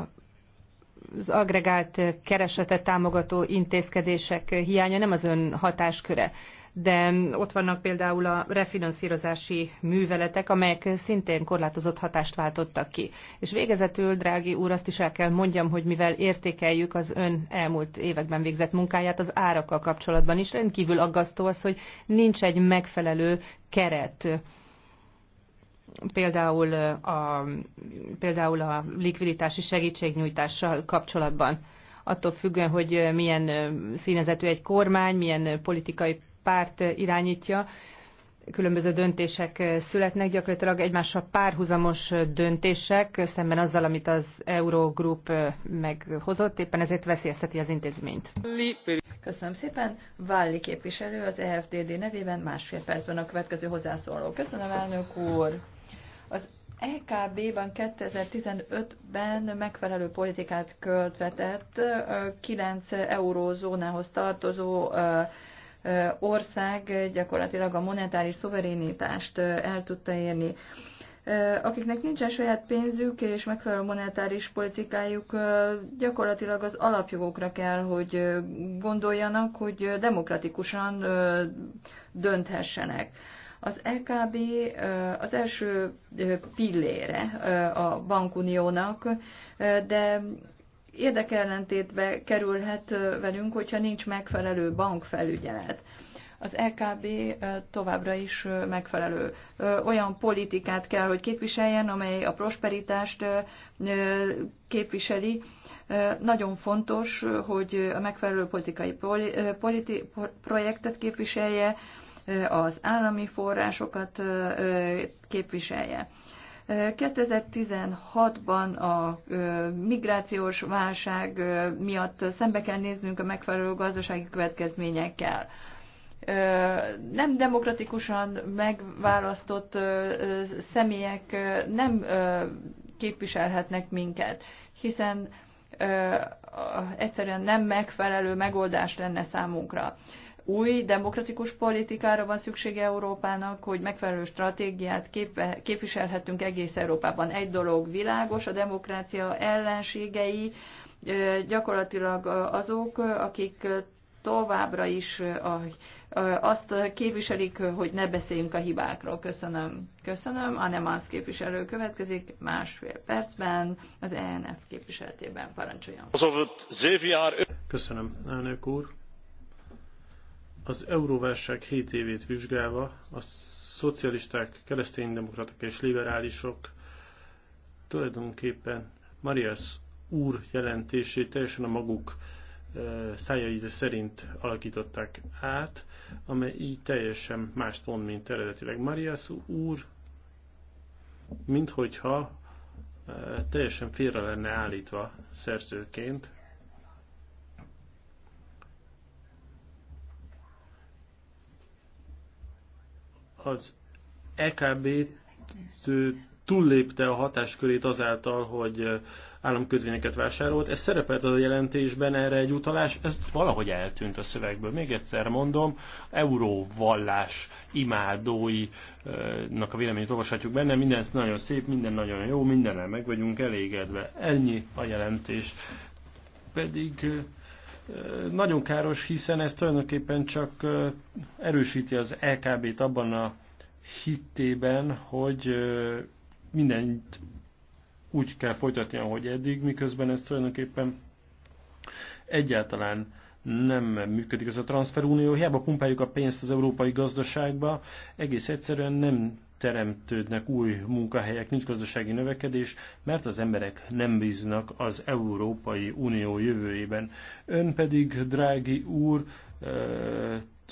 az agregált keresetet támogató intézkedések hiánya nem az ön hatásköre de ott vannak például a refinanszírozási műveletek, amelyek szintén korlátozott hatást váltottak ki. És végezetül, drági úr, azt is el kell mondjam, hogy mivel értékeljük az ön elmúlt években végzett munkáját az árakkal kapcsolatban is, rendkívül aggasztó az, hogy nincs egy megfelelő keret például a, például a likviditási segítségnyújtással kapcsolatban attól függően, hogy milyen színezetű egy kormány, milyen politikai párt irányítja, különböző döntések születnek, gyakorlatilag egymással párhuzamos döntések szemben azzal, amit az Eurogroup meghozott, éppen ezért veszélyezteti az intézményt. Köszönöm szépen. Válli képviselő az EFDD nevében másfél percben a következő hozzászóló. Köszönöm, elnök úr. Az EKB-ban 2015-ben megfelelő politikát költvetett 9 eurózónához tartozó ország gyakorlatilag a monetáris szuverénitást el tudta érni. Akiknek nincsen saját pénzük és megfelelő monetáris politikájuk, gyakorlatilag az alapjogokra kell, hogy gondoljanak, hogy demokratikusan dönthessenek. Az EKB az első pillére a bankuniónak, de érdekellentétbe kerülhet velünk, hogyha nincs megfelelő bankfelügyelet. Az EKB továbbra is megfelelő olyan politikát kell, hogy képviseljen, amely a prosperitást képviseli. Nagyon fontos, hogy a megfelelő politikai politi- projektet képviselje, az állami forrásokat képviselje. 2016-ban a migrációs válság miatt szembe kell néznünk a megfelelő gazdasági következményekkel nem demokratikusan megválasztott személyek nem képviselhetnek minket, hiszen egyszerűen nem megfelelő megoldás lenne számunkra új demokratikus politikára van szüksége Európának, hogy megfelelő stratégiát kép- képviselhetünk egész Európában. Egy dolog világos, a demokrácia ellenségei gyakorlatilag azok, akik továbbra is azt képviselik, hogy ne beszéljünk a hibákról. Köszönöm. Köszönöm. A Nemansz képviselő következik másfél percben az ENF képviseletében. Parancsoljon. Köszönöm, elnök úr az euróválság 7 évét vizsgálva a szocialisták, kereszténydemokraták és liberálisok tulajdonképpen Marias úr jelentését teljesen a maguk szájaíze szerint alakították át, amely így teljesen mást mond, mint eredetileg Marias úr, minthogyha teljesen félre lenne állítva szerzőként, az EKB túllépte a hatáskörét azáltal, hogy államkötvényeket vásárolt. Ez szerepelt a jelentésben erre egy utalás, ez valahogy eltűnt a szövegből. Még egyszer mondom, euróvallás imádóinak a véleményét olvashatjuk benne, minden nagyon szép, minden nagyon jó, mindennel meg vagyunk elégedve. Ennyi a jelentés. Pedig nagyon káros, hiszen ez tulajdonképpen csak erősíti az LKB-t abban a hittében, hogy mindent úgy kell folytatni, ahogy eddig, miközben ez tulajdonképpen egyáltalán nem működik ez a transferunió. Hiába pumpáljuk a pénzt az európai gazdaságba, egész egyszerűen nem teremtődnek új munkahelyek, nincs gazdasági növekedés, mert az emberek nem bíznak az Európai Unió jövőjében. Ön pedig, drági úr, e,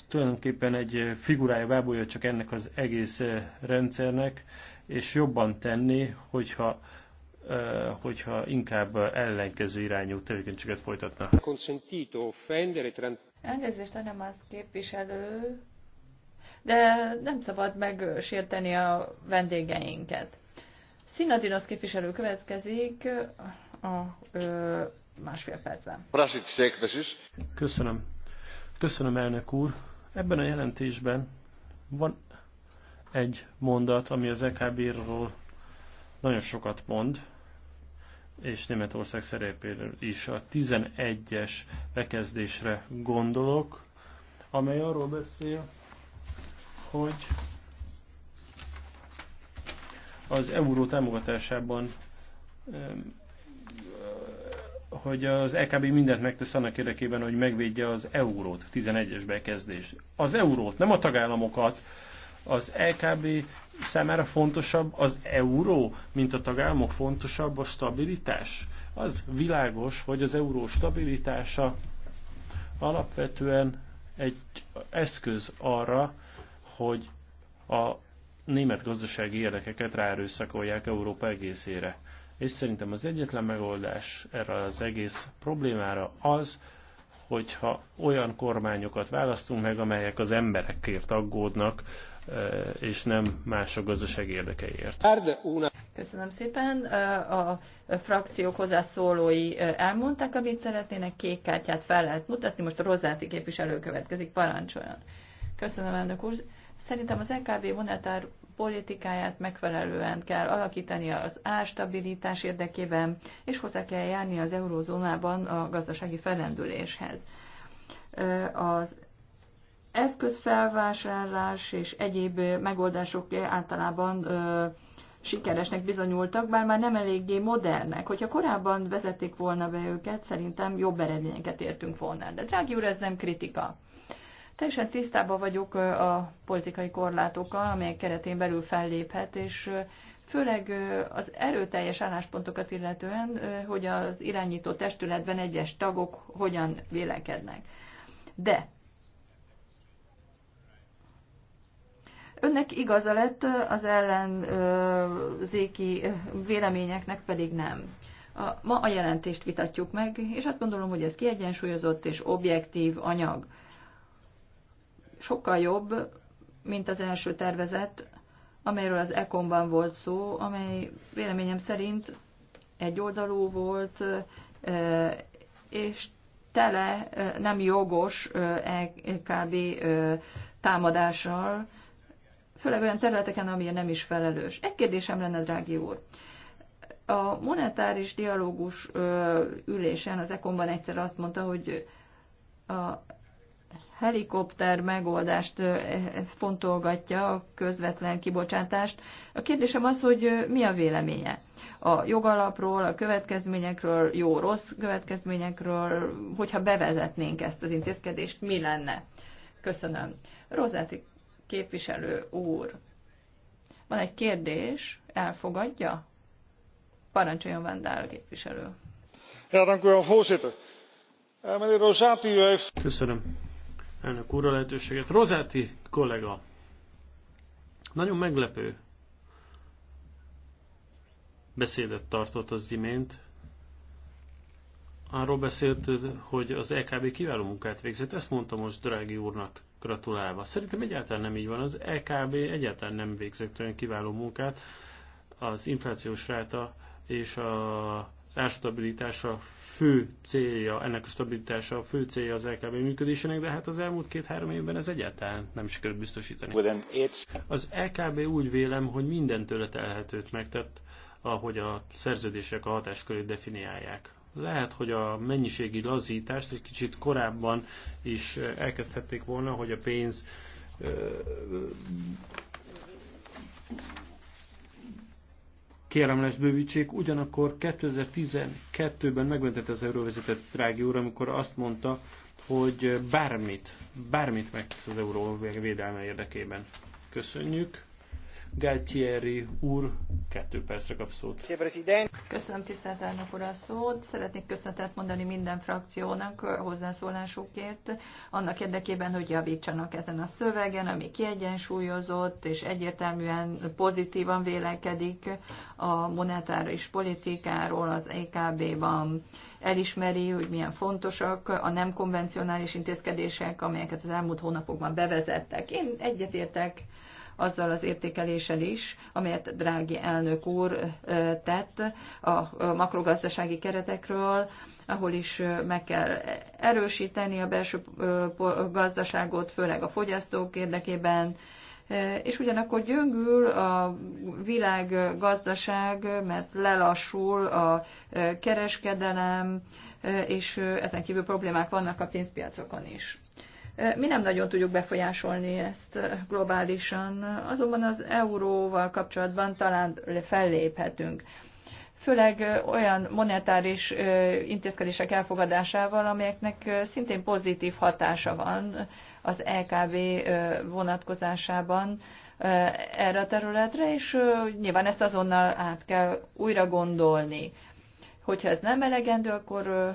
tulajdonképpen egy figurája bábolja csak ennek az egész rendszernek, és jobban tenni, hogyha e, hogyha inkább ellenkező irányú tevékenységet folytatna. Elnézést, hanem az képviselő de nem szabad megsérteni a vendégeinket. Szinadinosz képviselő következik a ö, másfél percben. Köszönöm. Köszönöm, elnök úr. Ebben a jelentésben van egy mondat, ami az EKB-ról nagyon sokat mond, és Németország szerepéről is. A 11-es bekezdésre gondolok, amely arról beszél, hogy az euró támogatásában hogy az LKB e mindent megtesz annak érdekében, hogy megvédje az eurót, 11-es bekezdés. Az eurót, nem a tagállamokat, az LKB e számára fontosabb az euró, mint a tagállamok fontosabb a stabilitás. Az világos, hogy az euró stabilitása alapvetően egy eszköz arra, hogy a német gazdasági érdekeket ráerőszakolják Európa egészére. És szerintem az egyetlen megoldás erre az egész problémára az, hogyha olyan kormányokat választunk meg, amelyek az emberekért aggódnak, e, és nem más a gazdaság érdekeiért. Köszönöm szépen. E, a frakciók hozzászólói e, elmondták, amit szeretnének, kék kártyát fel lehet mutatni. Most a Rozáti képviselő következik, parancsoljon. Köszönöm, elnök úr. Szerintem az LKB monetár politikáját megfelelően kell alakítani az árstabilitás érdekében, és hozzá kell járni az eurózónában a gazdasági felrendüléshez. Az eszközfelvásárlás és egyéb megoldások általában sikeresnek bizonyultak, bár már nem eléggé modernek. Hogyha korábban vezették volna be őket, szerintem jobb eredményeket értünk volna. De drági úr, ez nem kritika. Teljesen tisztában vagyok a politikai korlátokkal, amelyek keretén belül felléphet, és főleg az erőteljes álláspontokat illetően, hogy az irányító testületben egyes tagok hogyan vélekednek. De önnek igaza lett, az ellenzéki véleményeknek pedig nem. Ma a jelentést vitatjuk meg, és azt gondolom, hogy ez kiegyensúlyozott és objektív anyag sokkal jobb, mint az első tervezet, amelyről az Ekonban volt szó, amely véleményem szerint egyoldalú volt, és tele nem jogos EKB támadással, főleg olyan területeken, amilyen nem is felelős. Egy kérdésem lenne, drági úr. A monetáris dialógus ülésen az Ekonban egyszer azt mondta, hogy a helikopter megoldást e, e, fontolgatja a közvetlen kibocsátást. A kérdésem az, hogy mi a véleménye? A jogalapról, a következményekről, jó-rossz következményekről, hogyha bevezetnénk ezt az intézkedést, mi lenne? Köszönöm. Rozáti képviselő úr, van egy kérdés, elfogadja? Parancsoljon Vendál képviselő. Ja, dank u wel, voorzitter. Eh, meneer Rosati, u heeft... Köszönöm elnök úr lehetőséget. Rozáti kollega, nagyon meglepő beszédet tartott az imént. Arról beszélt, hogy az EKB kiváló munkát végzett. Ezt mondta most Drági úrnak gratulálva. Szerintem egyáltalán nem így van. Az EKB egyáltalán nem végzett olyan kiváló munkát. Az inflációs ráta és az árstabilitása fő célja, ennek a stabilitása a fő célja az LKB működésének, de hát az elmúlt két-három évben ez egyáltalán nem sikerült biztosítani. Az LKB úgy vélem, hogy minden tőle telhetőt megtett, ahogy a szerződések a hatáskörét definiálják. Lehet, hogy a mennyiségi lazítást egy kicsit korábban is elkezdhették volna, hogy a pénz lesz bővítsék, ugyanakkor 2012-ben megmentett az euróvezetett Drági úr, amikor azt mondta, hogy bármit, bármit megtesz az euró védelme érdekében. Köszönjük! Galtieri úr, kettő percre kap szót. Köszönöm tisztelt elnök úr a szót. Szeretnék köszönetet mondani minden frakciónak hozzászólásukért, annak érdekében, hogy javítsanak ezen a szövegen, ami kiegyensúlyozott és egyértelműen pozitívan vélekedik a monetáris politikáról az EKB-ban. Elismeri, hogy milyen fontosak a nem konvencionális intézkedések, amelyeket az elmúlt hónapokban bevezettek. Én egyetértek azzal az értékeléssel is, amelyet Drági elnök úr tett a makrogazdasági keretekről, ahol is meg kell erősíteni a belső gazdaságot, főleg a fogyasztók érdekében, és ugyanakkor gyöngül a világgazdaság, mert lelassul a kereskedelem, és ezen kívül problémák vannak a pénzpiacokon is. Mi nem nagyon tudjuk befolyásolni ezt globálisan, azonban az euróval kapcsolatban talán felléphetünk. Főleg olyan monetáris intézkedések elfogadásával, amelyeknek szintén pozitív hatása van az LKV e vonatkozásában erre a területre, és nyilván ezt azonnal át kell újra gondolni. Hogyha ez nem elegendő, akkor a,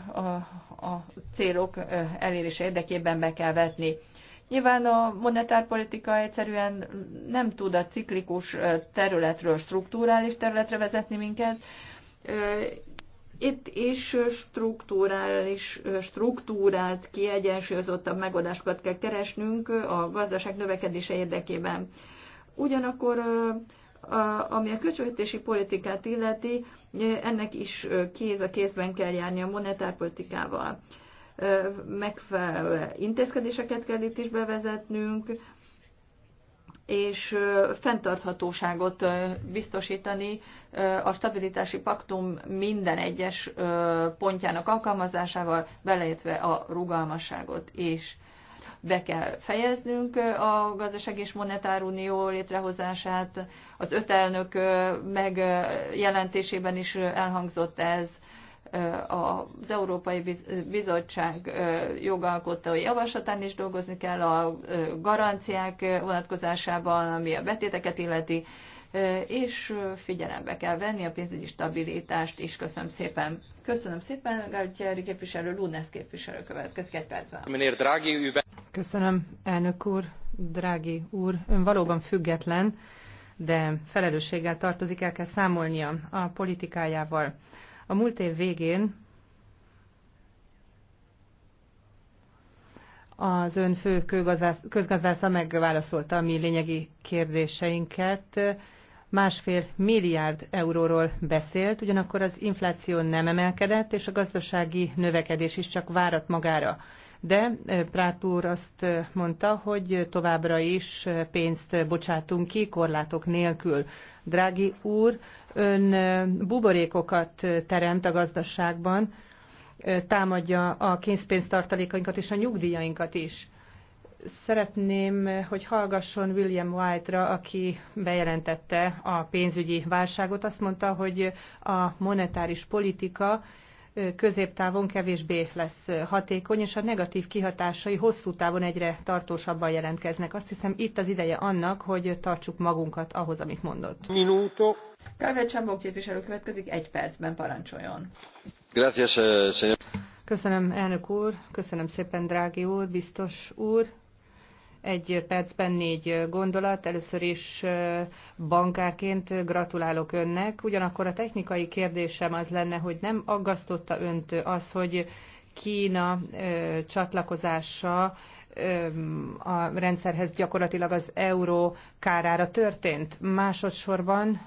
a célok elérése érdekében be kell vetni. Nyilván a monetárpolitika egyszerűen nem tud a ciklikus területről struktúrális területre vezetni minket. Itt is struktúrális, struktúrált, kiegyensúlyozottabb megoldásokat kell keresnünk a gazdaság növekedése érdekében. Ugyanakkor, ami a költségvetési politikát illeti, ennek is kéz a kézben kell járni a monetárpolitikával. Megfelelő intézkedéseket kell itt is bevezetnünk, és fenntarthatóságot biztosítani a stabilitási paktum minden egyes pontjának alkalmazásával, beleértve a rugalmasságot is be kell fejeznünk a gazdaság és unió létrehozását. Az öt elnök megjelentésében is elhangzott ez az Európai Bizottság jogalkotói javaslatán is dolgozni kell a garanciák vonatkozásában, ami a betéteket illeti, és figyelembe kell venni a pénzügyi stabilitást is. Köszönöm szépen! Köszönöm szépen, Galtieri képviselő, Lunes képviselő következik egy percben. Köszönöm, elnök úr, drági úr, ön valóban független, de felelősséggel tartozik, el kell számolnia a politikájával. A múlt év végén az ön fő közgazdásza megválaszolta a mi lényegi kérdéseinket, másfél milliárd euróról beszélt, ugyanakkor az infláció nem emelkedett, és a gazdasági növekedés is csak várat magára. De Prát úr azt mondta, hogy továbbra is pénzt bocsátunk ki korlátok nélkül. Drági úr, ön buborékokat teremt a gazdaságban, támadja a készpénztartalékainkat és a nyugdíjainkat is Szeretném, hogy hallgasson William White-ra, aki bejelentette a pénzügyi válságot. Azt mondta, hogy a monetáris politika középtávon kevésbé lesz hatékony, és a negatív kihatásai hosszú távon egyre tartósabban jelentkeznek. Azt hiszem itt az ideje annak, hogy tartsuk magunkat ahhoz, amit mondott. Minuto. Kávé Csambó képviselő következik, egy percben parancsoljon. Gracias, eh, señor. Köszönöm, elnök úr, köszönöm szépen, drági úr, biztos úr. Egy percben négy gondolat. Először is bankárként gratulálok önnek. Ugyanakkor a technikai kérdésem az lenne, hogy nem aggasztotta önt az, hogy Kína csatlakozása a rendszerhez gyakorlatilag az euró kárára történt. Másodszorban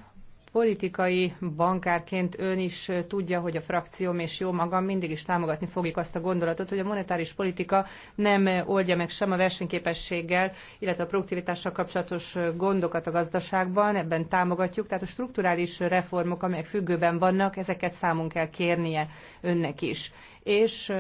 politikai bankárként ön is tudja, hogy a frakcióm és jó magam mindig is támogatni fogjuk azt a gondolatot, hogy a monetáris politika nem oldja meg sem a versenyképességgel, illetve a produktivitással kapcsolatos gondokat a gazdaságban, ebben támogatjuk. Tehát a strukturális reformok, amelyek függőben vannak, ezeket számon kell kérnie önnek is. És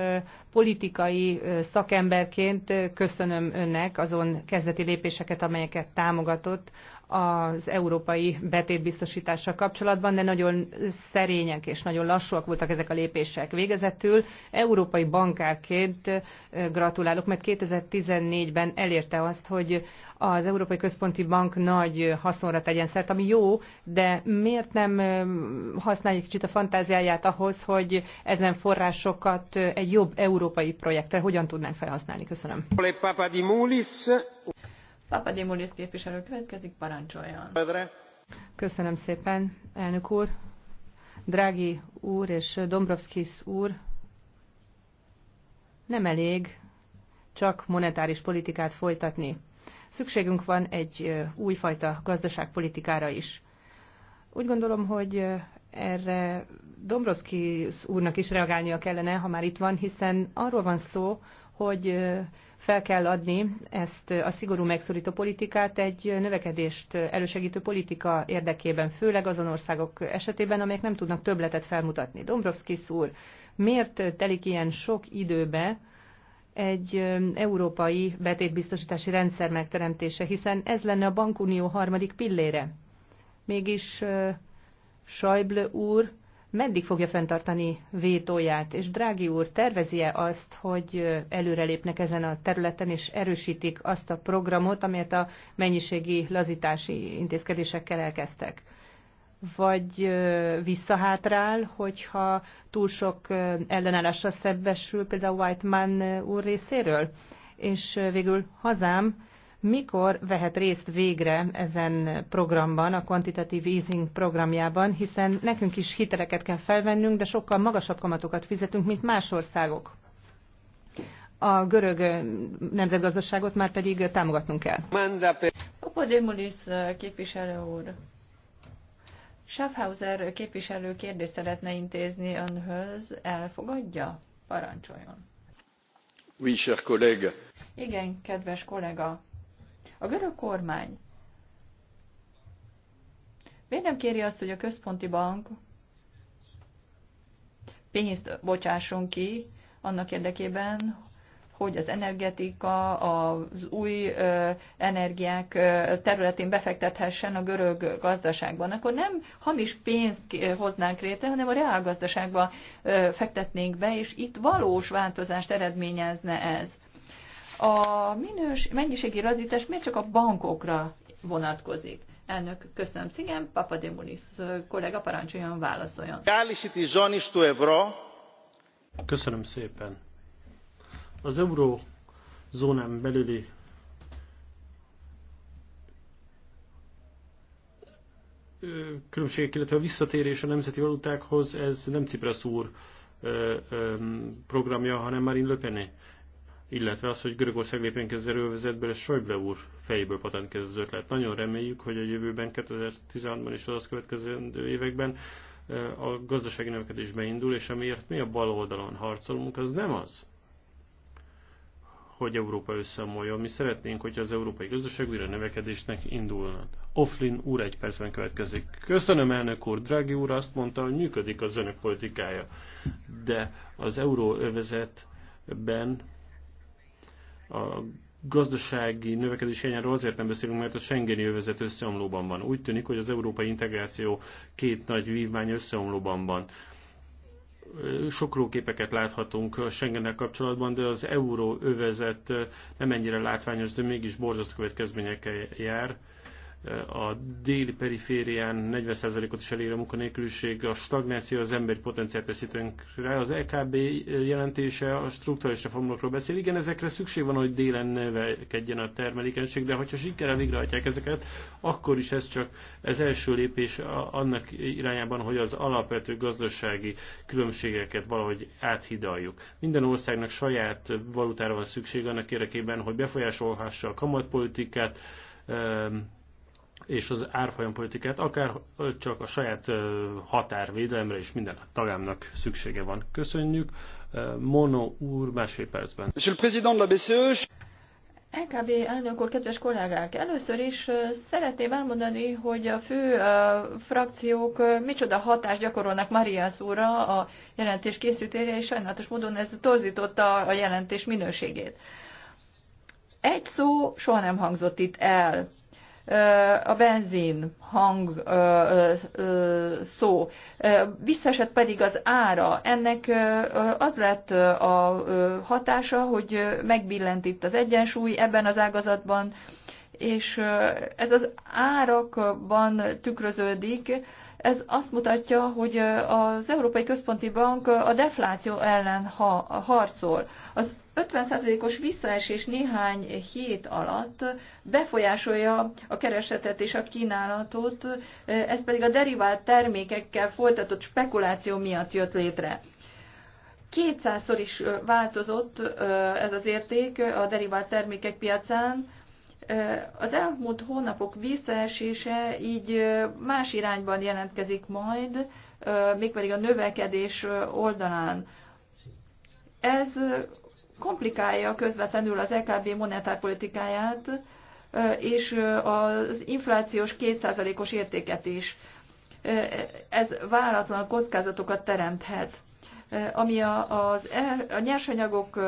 politikai szakemberként köszönöm önnek azon kezdeti lépéseket, amelyeket támogatott az európai betétbiztosítással kapcsolatban, de nagyon szerények és nagyon lassúak voltak ezek a lépések. Végezetül európai bankárként gratulálok, mert 2014-ben elérte azt, hogy az Európai Központi Bank nagy haszonra tegyen szert, ami jó, de miért nem használja egy kicsit a fantáziáját ahhoz, hogy ezen forrásokat egy jobb európai projektre hogyan tudnánk felhasználni? Köszönöm. Papadimulis képviselő következik, parancsoljon. Köszönöm szépen, elnök úr. Drági úr és Dombrovskis úr, nem elég csak monetáris politikát folytatni. Szükségünk van egy újfajta gazdaságpolitikára is. Úgy gondolom, hogy erre Dombrovskis úrnak is reagálnia kellene, ha már itt van, hiszen arról van szó, hogy fel kell adni ezt a szigorú megszorító politikát egy növekedést elősegítő politika érdekében, főleg azon országok esetében, amelyek nem tudnak többletet felmutatni. Dombrovskis úr, miért telik ilyen sok időbe egy európai betétbiztosítási rendszer megteremtése, hiszen ez lenne a bankunió harmadik pillére? Mégis Schäuble úr meddig fogja fenntartani vétóját, és Drági úr tervezi-e azt, hogy előrelépnek ezen a területen, és erősítik azt a programot, amelyet a mennyiségi lazítási intézkedésekkel elkezdtek? vagy visszahátrál, hogyha túl sok ellenállással szebbesül, például Whiteman úr részéről. És végül hazám mikor vehet részt végre ezen programban, a Quantitative Easing programjában, hiszen nekünk is hiteleket kell felvennünk, de sokkal magasabb kamatokat fizetünk, mint más országok. A görög nemzetgazdaságot már pedig támogatnunk kell. Papadémonis képviselő úr. Schaffhauser képviselő kérdést szeretne intézni önhöz, elfogadja? Parancsoljon. Oui, cher collègue. Igen, kedves kollega. A görög kormány miért nem kéri azt, hogy a központi bank pénzt bocsásson ki annak érdekében, hogy az energetika, az új energiák területén befektethessen a görög gazdaságban, akkor nem hamis pénzt hoznánk létre, hanem a reálgazdaságba fektetnénk be, és itt valós változást eredményezne ez a minős, mennyiségi lazítás miért csak a bankokra vonatkozik? Elnök, köszönöm szépen, Papademulis kollega parancsoljon, válaszoljon. Köszönöm szépen. Az euró belüli különbségek, illetve a visszatérés a nemzeti valutákhoz, ez nem Cipras úr programja, hanem Marine Le Pené illetve az, hogy Görögország lépjen ki az erővezetből, ez Schäuble úr fejéből patentkezett az ötlet. Nagyon reméljük, hogy a jövőben, 2016-ban és az következő években eh, a gazdasági növekedés beindul, és amiért mi a bal oldalon harcolunk, az nem az, hogy Európa összeomoljon. Mi szeretnénk, hogy az európai gazdaság újra növekedésnek indulna. Offlin úr egy percben következik. Köszönöm elnök úr, Draghi úr azt mondta, hogy működik az önök politikája, de az euróövezetben a gazdasági növekedés hiányáról azért nem beszélünk, mert a Schengeni övezet összeomlóban van. Úgy tűnik, hogy az európai integráció két nagy vívmány összeomlóban van. Sokról képeket láthatunk a Schengennel kapcsolatban, de az euró övezet nem ennyire látványos, de mégis borzasztó következményekkel jár a déli periférián 40%-ot is elér a munkanélküliség, a stagnáció az emberi potenciált veszítünk rá. Az LKB e jelentése a struktúrális reformokról beszél. Igen, ezekre szükség van, hogy délen növekedjen a termelékenység, de hogyha sikerrel végrehajtják ezeket, akkor is ez csak az első lépés annak irányában, hogy az alapvető gazdasági különbségeket valahogy áthidaljuk. Minden országnak saját valutára van szüksége annak érdekében, hogy befolyásolhassa a kamatpolitikát, ehm, és az árfolyampolitikát, akár csak a saját határvédelemre és minden tagámnak szüksége van. Köszönjük. Mono úr, másfél percben. Monsieur le Président de la BCE. E, LKB elnök úr, kedves kollégák! Először is szeretném elmondani, hogy a fő frakciók micsoda hatást gyakorolnak Marias úrra a jelentés készítére, és sajnálatos módon ez torzította a jelentés minőségét. Egy szó soha nem hangzott itt el a benzin hang szó. Visszaesett pedig az ára. Ennek az lett a hatása, hogy megbillent itt az egyensúly ebben az ágazatban, és ez az árakban tükröződik, ez azt mutatja, hogy az Európai Központi Bank a defláció ellen ha, harcol. Az 50%-os visszaesés néhány hét alatt befolyásolja a keresetet és a kínálatot, ez pedig a derivált termékekkel folytatott spekuláció miatt jött létre. 200-szor is változott ez az érték a derivált termékek piacán, az elmúlt hónapok visszaesése így más irányban jelentkezik majd, mégpedig a növekedés oldalán. Ez komplikálja közvetlenül az EKB monetárpolitikáját és az inflációs 2%-os értéket is. Ez váratlan kockázatokat teremthet ami a, az, er, a nyersanyagok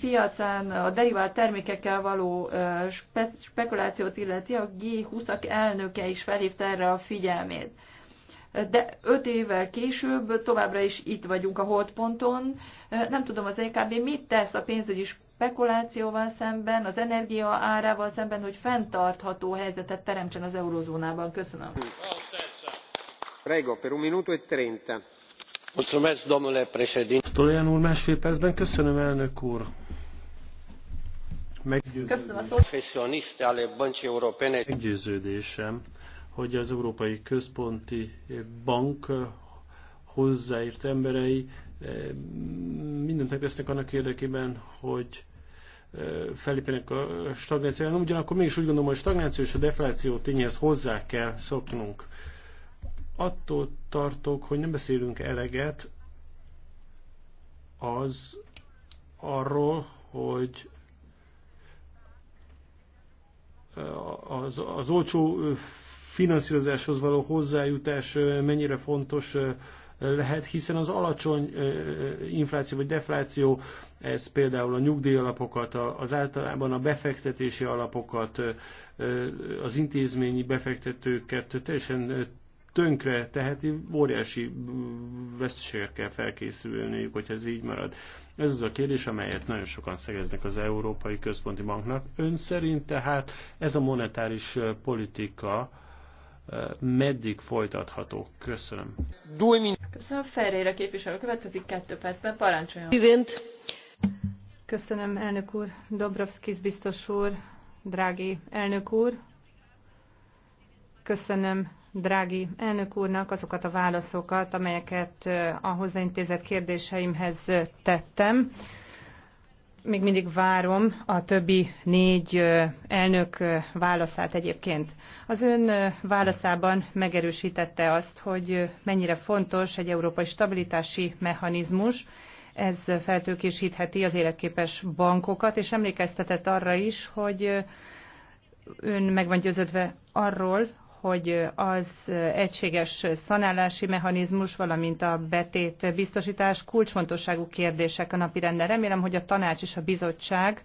piacán a derivált termékekkel való spe, spekulációt illeti, a G20-ak elnöke is felhívta erre a figyelmét. De öt évvel később továbbra is itt vagyunk a holdponton. Nem tudom az EKB mit tesz a pénzügyi spekulációval szemben, az energia árával szemben, hogy fenntartható helyzetet teremtsen az eurozónában. Köszönöm. Prego, per un minuto e trenta úr meggyőződésem hogy az európai központi bank hozzáért emberei eh, mindent megtesznek annak érdekében hogy eh, felépjenek a stagnációra. Ugyanakkor mégis úgy gondolom, hogy a stagnáció és a defláció tényhez hozzá kell szoknunk attól tartok, hogy nem beszélünk eleget az arról, hogy eh, az, az olcsó eh, finanszírozáshoz való hozzájutás eh, mennyire fontos lehet, hiszen az alacsony infláció vagy defláció, ez például a nyugdíjalapokat, az általában a befektetési alapokat, az intézményi befektetőket teljesen tönkre teheti, óriási veszteségekkel felkészülniük, hogyha ez így marad. Ez az a kérdés, amelyet nagyon sokan szegeznek az Európai Központi Banknak. Ön szerint tehát ez a monetáris politika meddig folytatható? Köszönöm. Köszönöm, Ferreira képviselő. Következik kettő percben, parancsoljon. Köszönöm, elnök úr, Dobrovskis biztos úr, drági elnök úr. Köszönöm drági elnök úrnak azokat a válaszokat, amelyeket a hozzáintézett kérdéseimhez tettem. Még mindig várom a többi négy elnök válaszát egyébként. Az ön válaszában megerősítette azt, hogy mennyire fontos egy európai stabilitási mechanizmus, ez feltőkésítheti az életképes bankokat, és emlékeztetett arra is, hogy ön meg van győződve arról, hogy az egységes szanálási mechanizmus, valamint a betét biztosítás kulcsfontosságú kérdések a napirenden. Remélem, hogy a tanács és a bizottság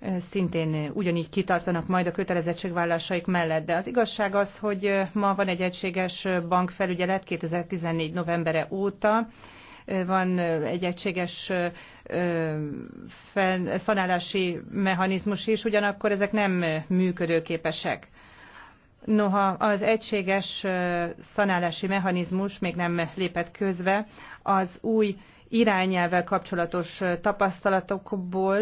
eh, szintén ugyanígy kitartanak majd a kötelezettségvállásaik mellett. De az igazság az, hogy eh, ma van egy egységes bankfelügyelet 2014. novembere óta, eh, van egy egységes szanálási mechanizmus is, ugyanakkor ezek nem működőképesek. Noha az egységes szanálási mechanizmus még nem lépett közbe, az új irányelvvel kapcsolatos tapasztalatokból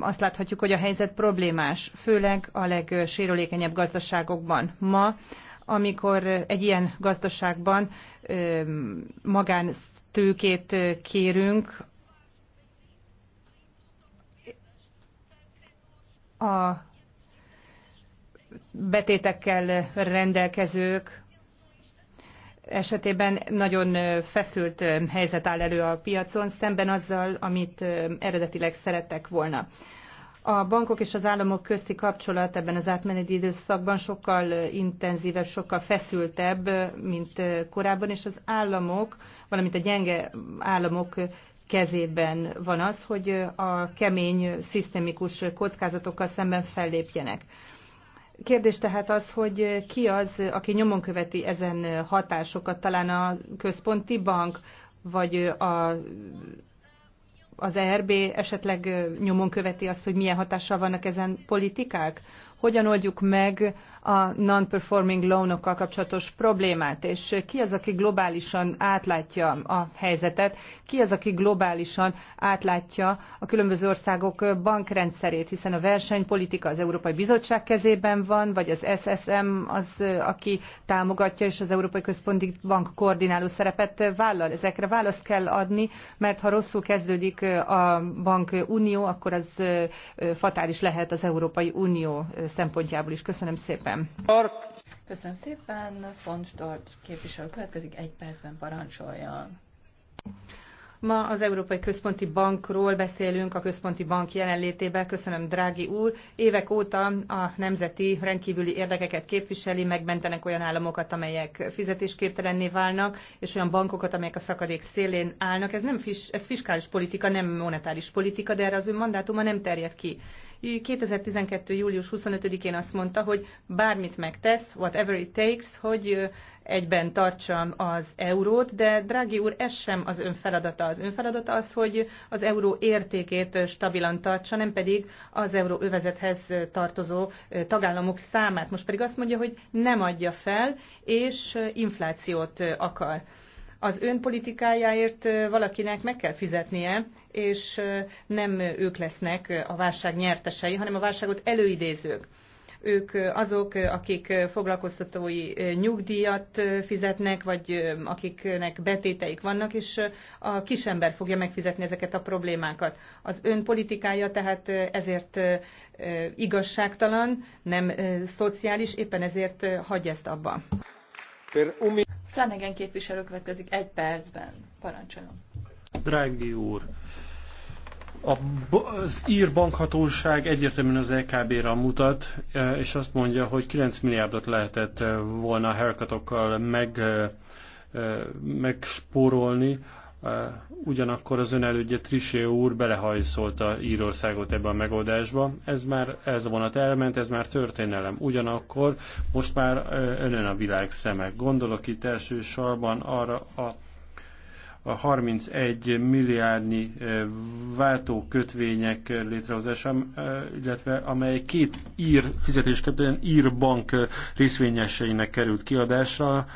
azt láthatjuk, hogy a helyzet problémás, főleg a legsérülékenyebb gazdaságokban. Ma, amikor egy ilyen gazdaságban magántőkét kérünk, a betétekkel rendelkezők esetében nagyon feszült helyzet áll elő a piacon, szemben azzal, amit eredetileg szerettek volna. A bankok és az államok közti kapcsolat ebben az átmeneti időszakban sokkal intenzívebb, sokkal feszültebb, mint korábban, és az államok, valamint a gyenge államok kezében van az, hogy a kemény, szisztemikus kockázatokkal szemben fellépjenek. Kérdés tehát az, hogy ki az, aki nyomon követi ezen hatásokat, talán a központi bank, vagy a, az ERB esetleg nyomon követi azt, hogy milyen hatással vannak ezen politikák? Hogyan oldjuk meg a non-performing loanokkal kapcsolatos problémát, és ki az, aki globálisan átlátja a helyzetet, ki az, aki globálisan átlátja a különböző országok bankrendszerét, hiszen a versenypolitika az Európai Bizottság kezében van, vagy az SSM az, aki támogatja, és az Európai Központi Bank koordináló szerepet vállal. Ezekre választ kell adni, mert ha rosszul kezdődik a bankunió, akkor az fatális lehet az Európai Unió szempontjából is. Köszönöm szépen. Köszönöm szépen, Font Dort képviselő következik, egy percben parancsoljon. Ma az Európai Központi Bankról beszélünk, a Központi Bank jelenlétében. Köszönöm, drági úr. Évek óta a nemzeti rendkívüli érdekeket képviseli, megmentenek olyan államokat, amelyek fizetésképtelenné válnak, és olyan bankokat, amelyek a szakadék szélén állnak. Ez nem fis, ez fiskális politika, nem monetáris politika, de erre az ő mandátuma nem terjed ki. 2012. július 25-én azt mondta, hogy bármit megtesz, whatever it takes, hogy egyben tartsam az eurót, de drági úr, ez sem az ön feladata. Az ön feladata az, hogy az euró értékét stabilan tartsa, nem pedig az euró övezethez tartozó tagállamok számát. Most pedig azt mondja, hogy nem adja fel, és inflációt akar az ön politikájáért valakinek meg kell fizetnie, és nem ők lesznek a válság nyertesei, hanem a válságot előidézők ők azok, akik foglalkoztatói nyugdíjat fizetnek, vagy akiknek betéteik vannak, és a kisember fogja megfizetni ezeket a problémákat. Az ön politikája tehát ezért igazságtalan, nem szociális, éppen ezért hagyja ezt abba. Flanagan képviselő következik egy percben. Parancsolom. Drági úr, az ír bankhatóság egyértelműen az LKB-ra e mutat, eh, és azt mondja, hogy 9 milliárdot lehetett eh, volna a haircutokkal meg, eh, megspórolni. Ugyanakkor az ön elődje Trisé úr belehajszolta Írországot ebbe a megoldásba. Ez már, ez a vonat elment, ez már történelem. Ugyanakkor most már önön a világ szeme. Gondolok itt elsősorban arra a a 31 milliárdnyi kötvények létrehozása, illetve amely két ír fizetésképtelen ír bank részvényeseinek került kiadásra,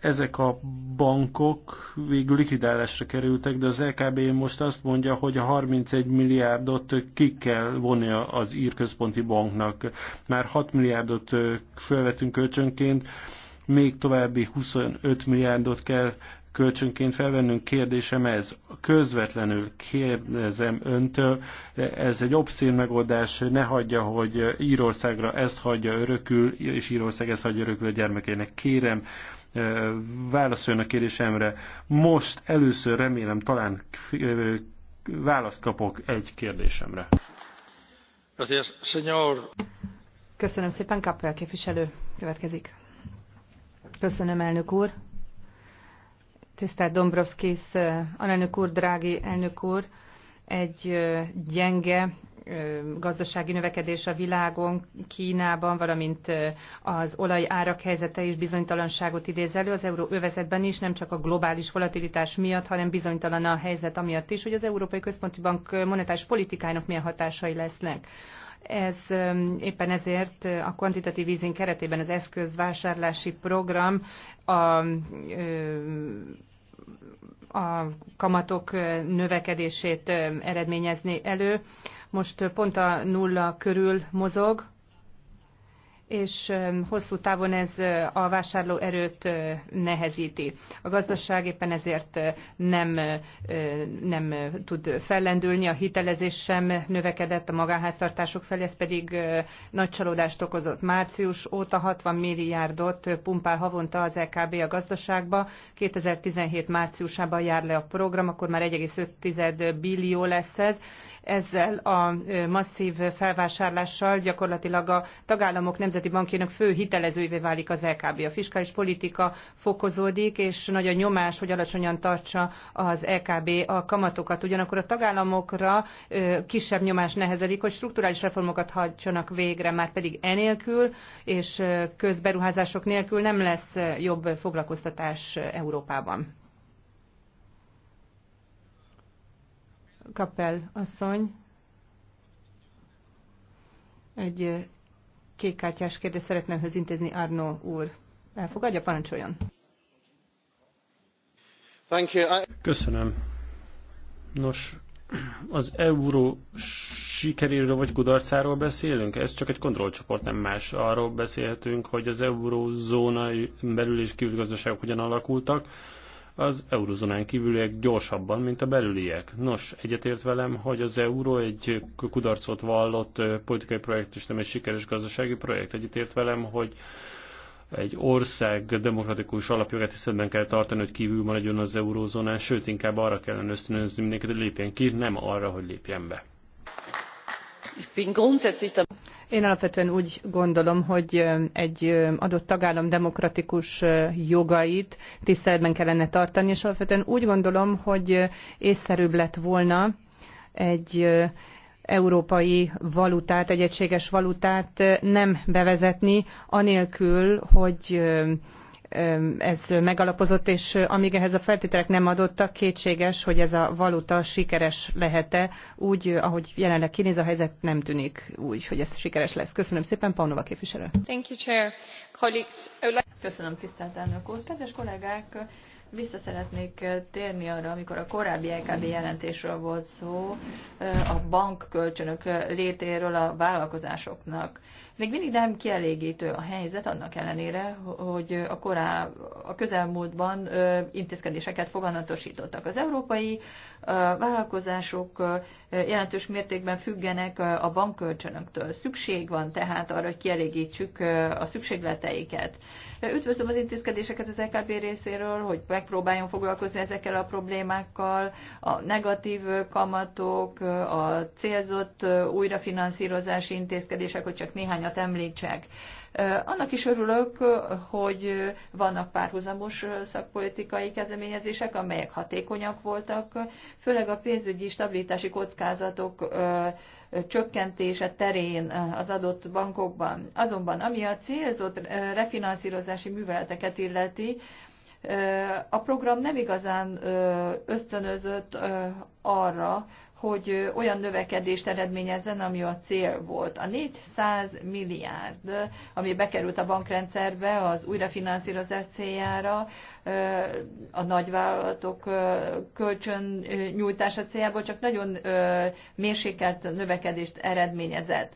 ezek a bankok végül likvidálásra kerültek, de az LKB most azt mondja, hogy a 31 milliárdot ki kell vonni az ír központi banknak. Már 6 milliárdot felvetünk kölcsönként, még további 25 milliárdot kell kölcsönként felvennünk. Kérdésem ez, közvetlenül kérdezem öntől, ez egy obszín megoldás, ne hagyja, hogy Írországra ezt hagyja örökül, és Írország ezt hagyja örökül a gyermekének. Kérem, válaszoljon a kérdésemre. Most először remélem talán választ kapok egy kérdésemre. Köszönöm szépen, Kappel képviselő. Következik. Köszönöm, elnök úr. Tisztelt Dombrovskis, alelnök úr, drági elnök úr, egy gyenge gazdasági növekedés a világon, Kínában, valamint az olaj árak helyzete is bizonytalanságot idéz elő az euróövezetben is, nem csak a globális volatilitás miatt, hanem bizonytalan a helyzet amiatt is, hogy az Európai Központi Bank monetáris politikájának milyen hatásai lesznek. Ez éppen ezért a kvantitatív ízén keretében az eszközvásárlási program a a kamatok növekedését eredményezni elő. Most pont a nulla körül mozog, és hosszú távon ez a vásárlóerőt nehezíti. A gazdaság éppen ezért nem, nem tud fellendülni, a hitelezés sem növekedett, a magánháztartások felé ez pedig nagy csalódást okozott. Március óta 60 milliárdot pumpál havonta az LKB e a gazdaságba, 2017 márciusában jár le a program, akkor már 1,5 billió lesz ez, ezzel a masszív felvásárlással gyakorlatilag a tagállamok nemzeti bankjának fő hitelezőivé válik az LKB. A fiskális politika fokozódik, és nagy a nyomás, hogy alacsonyan tartsa az LKB a kamatokat. Ugyanakkor a tagállamokra kisebb nyomás nehezedik, hogy strukturális reformokat hagyjanak végre, már pedig enélkül és közberuházások nélkül nem lesz jobb foglalkoztatás Európában. Kapel asszony egy kékkártyás kérdés szeretném önhöz intézni Arno úr. Elfogadja, parancsoljon. Köszönöm. Nos, az euró sikeréről vagy kudarcáról beszélünk? Ez csak egy kontrollcsoport, nem más. Arról beszélhetünk, hogy az eurózóna belül és kívül gazdaságok hogyan alakultak az eurozónán kívüliek gyorsabban, mint a belüliek. Nos, egyetért velem, hogy az euró egy kudarcot vallott politikai projekt, és nem egy sikeres gazdasági projekt. Egyetért velem, hogy egy ország demokratikus alapjogát tiszteletben kell tartani, hogy kívül maradjon az eurózónán, sőt, inkább arra kellene ösztönözni mindenkit, hogy lépjen ki, nem arra, hogy lépjen be. Én alapvetően úgy gondolom, hogy egy adott tagállam demokratikus jogait tiszteletben kellene tartani, és alapvetően úgy gondolom, hogy észszerűbb lett volna egy európai valutát, egy egységes valutát nem bevezetni, anélkül, hogy ez megalapozott, és amíg ehhez a feltételek nem adottak, kétséges, hogy ez a valuta sikeres lehet-e, úgy, ahogy jelenleg kinéz a helyzet, nem tűnik úgy, hogy ez sikeres lesz. Köszönöm szépen, Paunova képviselő. Thank you, Chair. Colleagues, Köszönöm, tisztelt elnök úr. Kedves kollégák, vissza szeretnék eh, térni arra, amikor a korábbi LKB jelentésről volt szó, eh, a bankkölcsönök eh, létéről a vállalkozásoknak. Még mindig nem kielégítő a helyzet, annak ellenére, hogy a, korá, a közelmúltban intézkedéseket foganatosítottak. Az európai vállalkozások jelentős mértékben függenek a bankkölcsönöktől. Szükség van tehát arra, hogy kielégítsük a szükségleteiket. Üdvözlöm az intézkedéseket az EKB részéről, hogy megpróbáljon foglalkozni ezekkel a problémákkal, a negatív kamatok, a célzott újrafinanszírozási intézkedések, hogy csak néhányat említsek. Annak is örülök, hogy vannak párhuzamos szakpolitikai kezdeményezések, amelyek hatékonyak voltak, főleg a pénzügyi stabilitási kockázatok csökkentése terén eh, az adott bankokban. Azonban ami a célzott eh, refinanszírozási műveleteket illeti, eh, a program nem igazán ösztönözött arra, hogy olyan növekedést eredményezzen, ami a cél volt. A 400 milliárd, ami bekerült a bankrendszerbe az újrafinanszírozás céljára, a nagyvállalatok kölcsön nyújtása céljából csak nagyon mérsékelt növekedést eredményezett.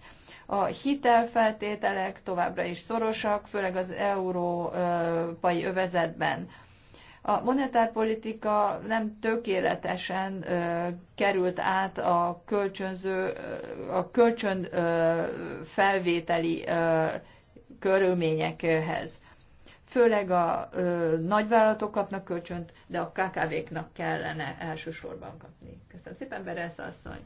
A hitelfeltételek továbbra is szorosak, főleg az európai övezetben a monetárpolitika nem tökéletesen ö, került át a kölcsönző, a kölcsön ö, felvételi ö, körülményekhez. Főleg a ö, nagyvállalatok kapnak kölcsönt, de a KKV-knak kellene elsősorban kapni. Köszönöm szépen, Beresz asszony!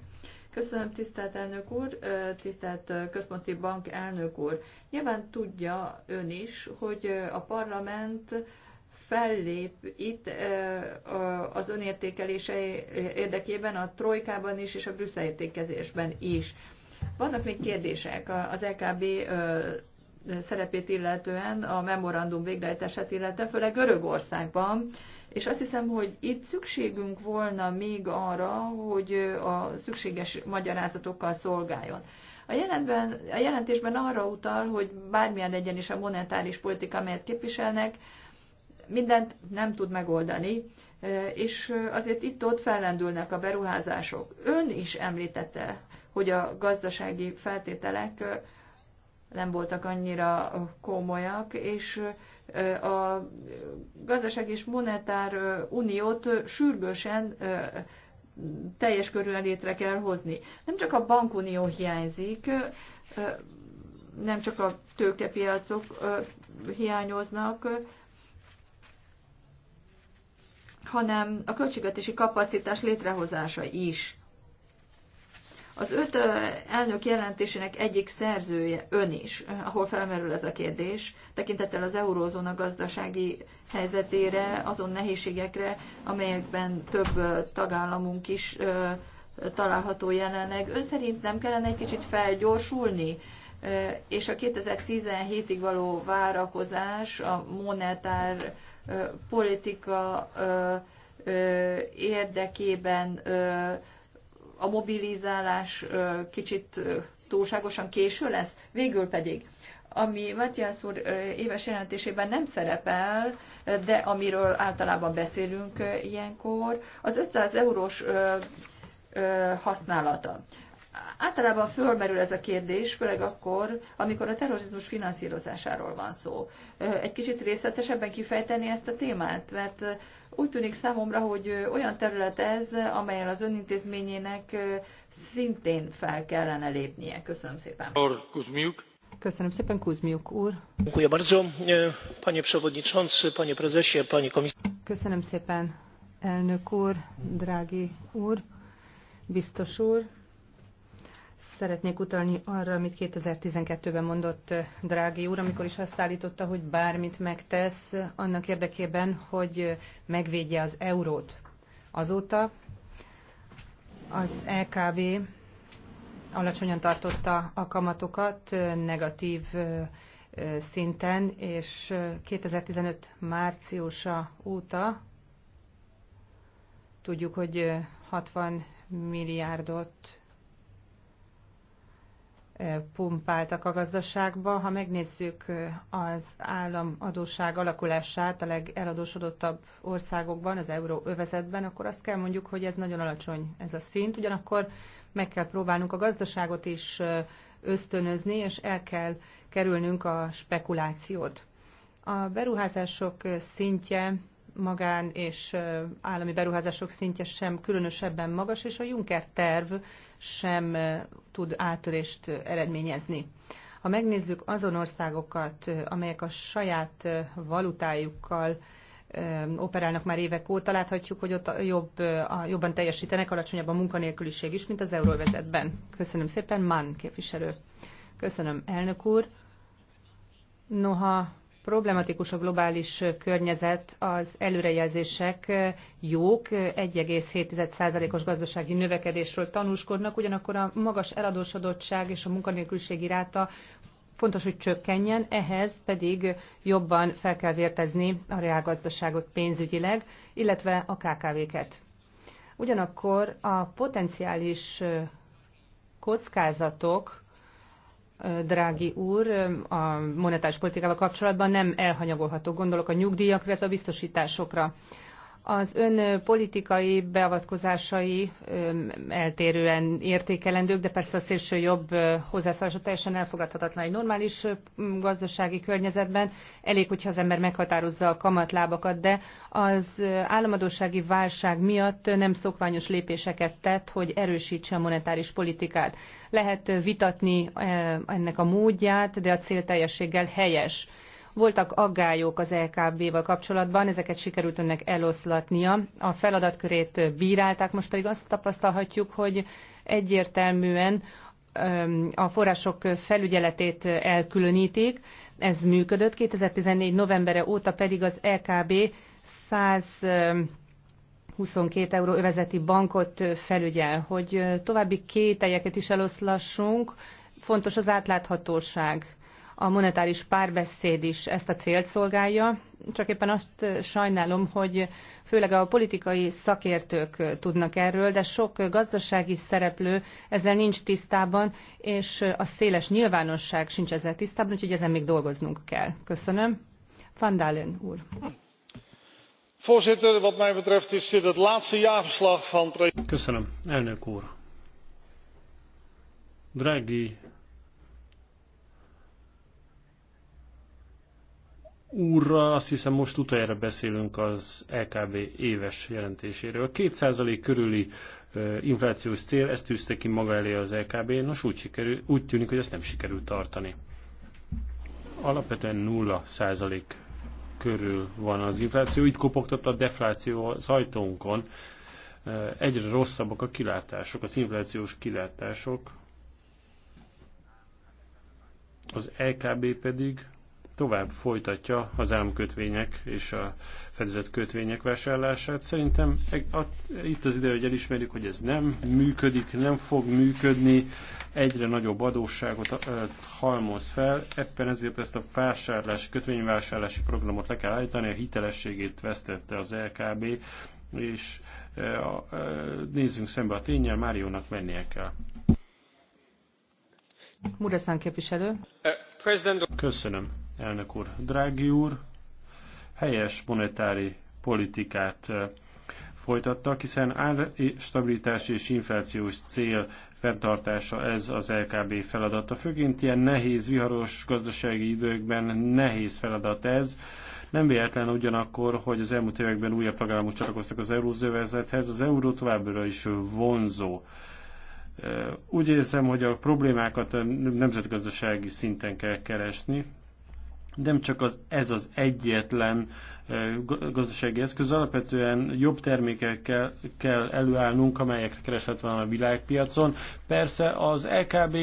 Köszönöm, tisztelt elnök úr, tisztelt központi bank elnök úr. Nyilván tudja ön is, hogy a parlament fellép itt az önértékelése érdekében a trojkában is és a értékezésben is. Vannak még kérdések az EKB szerepét illetően, a memorandum végrehajtását illetően, főleg Görögországban, és azt hiszem, hogy itt szükségünk volna még arra, hogy a szükséges magyarázatokkal szolgáljon. A, jelentben, a jelentésben arra utal, hogy bármilyen legyen is a monetáris politika, amelyet képviselnek, mindent nem tud megoldani, és azért itt-ott fellendülnek a beruházások. Ön is említette, hogy a gazdasági feltételek nem voltak annyira komolyak, és a gazdaság és monetár uniót sürgősen teljes körül létre kell hozni. Nem csak a bankunió hiányzik, nem csak a tőkepiacok hiányoznak, hanem a költségvetési kapacitás létrehozása is. Az öt elnök jelentésének egyik szerzője ön is, ahol felmerül ez a kérdés, tekintettel az eurózóna gazdasági helyzetére, azon nehézségekre, amelyekben több tagállamunk is található jelenleg. Ön szerint nem kellene egy kicsit felgyorsulni, és a 2017-ig való várakozás a monetár politika érdekében a mobilizálás kicsit túlságosan késő lesz. Végül pedig, ami Matthias úr éves jelentésében nem szerepel, de amiről általában beszélünk ilyenkor, az 500 eurós használata. Általában fölmerül ez a kérdés, főleg akkor, amikor a terrorizmus finanszírozásáról van szó. Egy kicsit részletesebben kifejteni ezt a témát, mert úgy tűnik számomra, hogy olyan terület ez, amelyen az önintézményének szintén fel kellene lépnie. Köszönöm szépen. Köszönöm szépen, Kuzmiuk úr. E, Köszönöm szépen, elnök úr, drági úr, biztos úr. Szeretnék utalni arra, amit 2012-ben mondott eh, Drági úr, amikor is azt állította, hogy bármit megtesz annak érdekében, hogy eh, megvédje az eurót. Azóta az LKB e alacsonyan tartotta a kamatokat eh, negatív szinten, és 2015 márciusa óta tudjuk, hogy 60 milliárdot pumpáltak a gazdaságba. Ha megnézzük az államadóság alakulását a legeladósodottabb országokban, az euróövezetben, akkor azt kell mondjuk, hogy ez nagyon alacsony ez a szint. Ugyanakkor meg kell próbálnunk a gazdaságot is ösztönözni, és el kell kerülnünk a spekulációt. A beruházások szintje magán és állami beruházások szintje sem különösebben magas, és a Juncker terv sem tud áttörést eredményezni. Ha megnézzük azon országokat, amelyek a saját valutájukkal operálnak már évek óta, láthatjuk, hogy ott jobb, a, jobban teljesítenek, alacsonyabb a munkanélküliség is, mint az euróvezetben. Köszönöm szépen, Mann képviselő. Köszönöm, elnök úr. Noha problematikus a globális környezet, az előrejelzések jók, 1,7%-os gazdasági növekedésről tanúskodnak, ugyanakkor a magas eladósodottság és a munkanélküliségi ráta fontos, hogy csökkenjen, ehhez pedig jobban fel kell vértezni a reálgazdaságot pénzügyileg, illetve a KKV-ket. Ugyanakkor a potenciális kockázatok Drági úr, a monetáris politikával kapcsolatban nem elhanyagolható, gondolok a nyugdíjakra, illetve a biztosításokra. Az ön politikai beavatkozásai eltérően értékelendők, de persze a szélső jobb hozzászólása teljesen elfogadhatatlan egy normális gazdasági környezetben. Elég, hogyha az ember meghatározza a kamatlábakat, de az államadósági válság miatt nem szokványos lépéseket tett, hogy erősítse a monetáris politikát. Lehet vitatni ennek a módját, de a cél teljességgel helyes voltak aggályok az LKB-val kapcsolatban, ezeket sikerült önnek eloszlatnia. A feladatkörét bírálták, most pedig azt tapasztalhatjuk, hogy egyértelműen a források felügyeletét elkülönítik. Ez működött. 2014. novembere óta pedig az LKB 100 22 euró övezeti bankot felügyel, hogy további kételyeket is eloszlassunk. Fontos az átláthatóság a monetáris párbeszéd is ezt a célt szolgálja, csak éppen azt eh, sajnálom, hogy főleg a politikai szakértők eh, tudnak erről, de sok eh, gazdasági szereplő ezzel nincs tisztában, és a széles nyilvánosság sincs ezzel tisztában, úgyhogy ezen még dolgoznunk kell. Köszönöm. Van Dalen úr. Voorzitter, wat mij betreft is dit het laatste jaarverslag van... Köszönöm, elnök úr. Draghi úrral azt hiszem most utoljára beszélünk az LKB éves jelentéséről. 2% körüli inflációs cél, ezt tűzte ki maga elé az LKB, nos úgy, sikerül, úgy tűnik, hogy ezt nem sikerült tartani. Alapvetően 0% körül van az infláció, így kopogtatta a defláció az ajtónkon. Egyre rosszabbak a kilátások, az inflációs kilátások. Az LKB pedig tovább folytatja az államkötvények és a fedezett kötvények vásárlását. Szerintem itt az ide, hogy elismerjük, hogy ez nem működik, nem fog működni, egyre nagyobb adósságot halmoz fel, ebben ezért ezt a vásárlási, kötvényvásárlási programot le kell állítani, a hitelességét vesztette az LKB, és nézzünk szembe a tényel, Máriónak mennie kell. Muraszán képviselő. Köszönöm elnök úr, drági úr, helyes monetári politikát eh, folytattak, hiszen árstabilitás és inflációs cél fenntartása ez az LKB feladata. Főként ilyen nehéz, viharos gazdasági időkben nehéz feladat ez. Nem véletlen ugyanakkor, hogy az elmúlt években újabb tagállamok csatlakoztak az eurózövezethez, az euró továbbra is vonzó. Eh, úgy érzem, hogy a problémákat nemzetgazdasági szinten kell keresni, nem csak az, ez az egyetlen gazdasági eszköz, alapvetően jobb termékekkel kell előállnunk, amelyekre kereslet van a világpiacon. Persze az LKB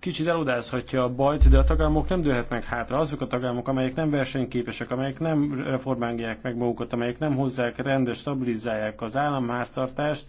kicsit elodázhatja a bajt, de a tagállamok nem dőhetnek hátra. Azok a tagállamok, amelyek nem versenyképesek, amelyek nem reformálják meg magukat, amelyek nem hozzák rendes, stabilizálják az államháztartást,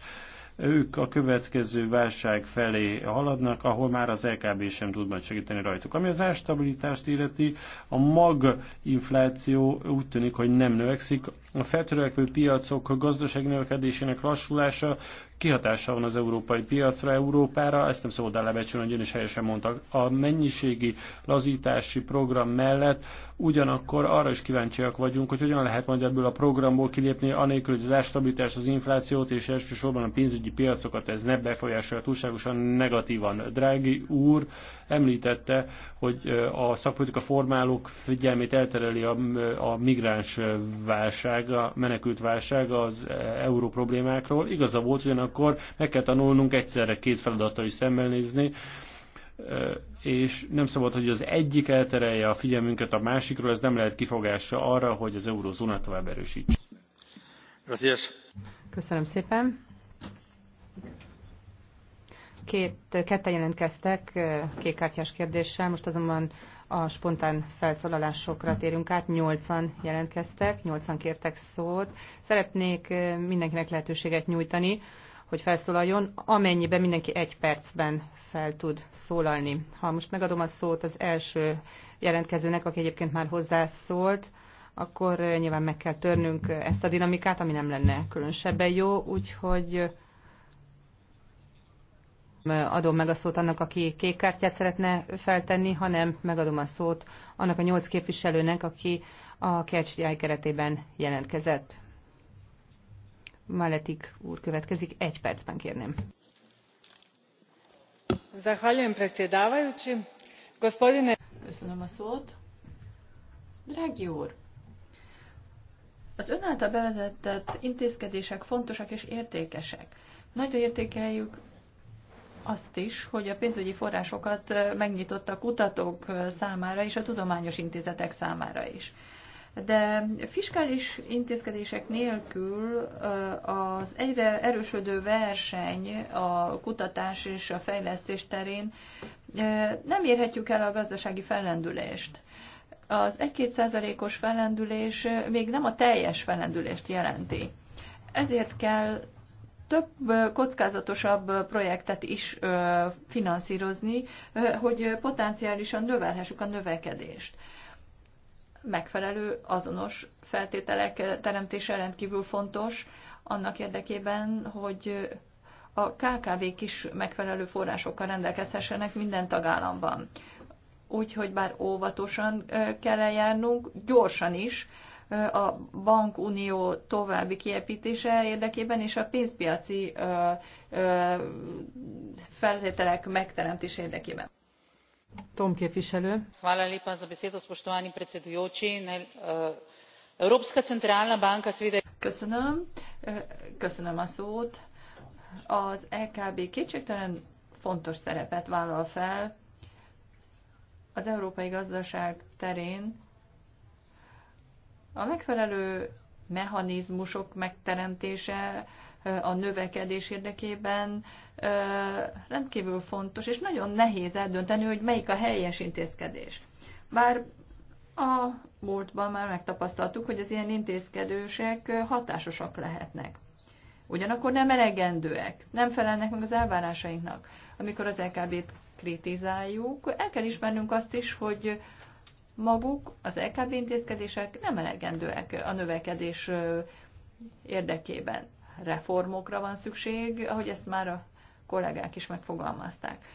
ők a következő válság felé haladnak, ahol már az LKB sem tud majd segíteni rajtuk. Ami az árstabilitást illeti, a maginfláció úgy tűnik, hogy nem növekszik, a feltörekvő piacok gazdaság növekedésének lassulása kihatása van az európai piacra, Európára, ezt nem szabad elebecsülni, hogy ön is helyesen mondta. A mennyiségi lazítási program mellett ugyanakkor arra is kíváncsiak vagyunk, hogy hogyan lehet majd ebből a programból kilépni, anélkül, hogy az ástabilitás, az inflációt és elsősorban a pénzügyi piacokat ez ne befolyásolja túlságosan negatívan. Drági úr említette, hogy a szakpolitika formálók figyelmét eltereli a, a migráns válság, válság, a menekült válság az e, euró problémákról. Igaza volt, akkor meg kell tanulnunk egyszerre két feladattal is szembenézni, e, és nem szabad, hogy az egyik elterelje a figyelmünket a másikról, ez nem lehet kifogása arra, hogy az eurózóna tovább erősíts. Köszönöm szépen. Két, ketten jelentkeztek e, kékkártyás kérdéssel, most azonban a spontán felszólalásokra térünk át, Nyolcan jelentkeztek, nyolcan kértek szót. Szeretnék mindenkinek lehetőséget nyújtani, hogy felszólaljon, amennyiben mindenki egy percben fel tud szólalni. Ha most megadom a szót az első jelentkezőnek, aki egyébként már hozzászólt, akkor nyilván meg kell törnünk ezt a dinamikát, ami nem lenne különösebben jó, úgyhogy adom meg a szót annak, aki kék kártyát szeretne feltenni, hanem megadom a szót annak a nyolc képviselőnek, aki a KHDI keretében jelentkezett. Maletik úr következik, egy percben kérném. Zahvaljujem predsjedavajući. Gospodine... Köszönöm a szót. Drági úr, az ön által bevezetett intézkedések fontosak és értékesek. Nagyon értékeljük azt is, hogy a pénzügyi forrásokat megnyitotta a kutatók számára és a tudományos intézetek számára is. De fiskális intézkedések nélkül az egyre erősödő verseny a kutatás és a fejlesztés terén nem érhetjük el a gazdasági fellendülést. Az 1-2 százalékos fellendülés még nem a teljes fellendülést jelenti. Ezért kell több kockázatosabb projektet is finanszírozni, hogy potenciálisan növelhessük a növekedést. Megfelelő, azonos feltételek teremtése rendkívül fontos annak érdekében, hogy a KKV-k is megfelelő forrásokkal rendelkezhessenek minden tagállamban. Úgyhogy bár óvatosan kell eljárnunk, gyorsan is, a bankunió további kiepítése érdekében és a pénzpiaci feltételek megteremtés érdekében. Tom képviselő. Hvala lepa za besedo, spoštovani predsedujoči. Európska centrálna banka Köszönöm. Köszönöm a szót. Az EKB kétségtelen fontos szerepet vállal fel az európai gazdaság terén, a megfelelő mechanizmusok megteremtése a növekedés érdekében rendkívül fontos, és nagyon nehéz eldönteni, hogy melyik a helyes intézkedés. Bár a múltban már megtapasztaltuk, hogy az ilyen intézkedősek hatásosak lehetnek. Ugyanakkor nem elegendőek, nem felelnek meg az elvárásainknak. Amikor az LKB-t kritizáljuk, el kell ismernünk azt is, hogy maguk, az LKB e intézkedések nem elegendőek a növekedés érdekében. Reformokra van szükség, ahogy ezt már a kollégák is megfogalmazták.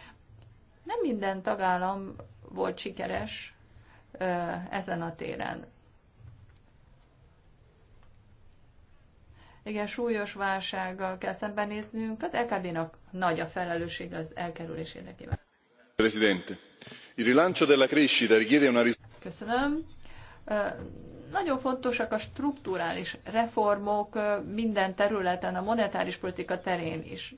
Nem minden tagállam volt sikeres ezen a téren. igen, súlyos válsággal kell szembenéznünk, az LKB-nak e nagy a felelősség az elkerülés érdekében. Presidente, il rilancio della crescita richiede una Köszönöm. Nagyon fontosak a strukturális reformok minden területen, a monetáris politika terén is.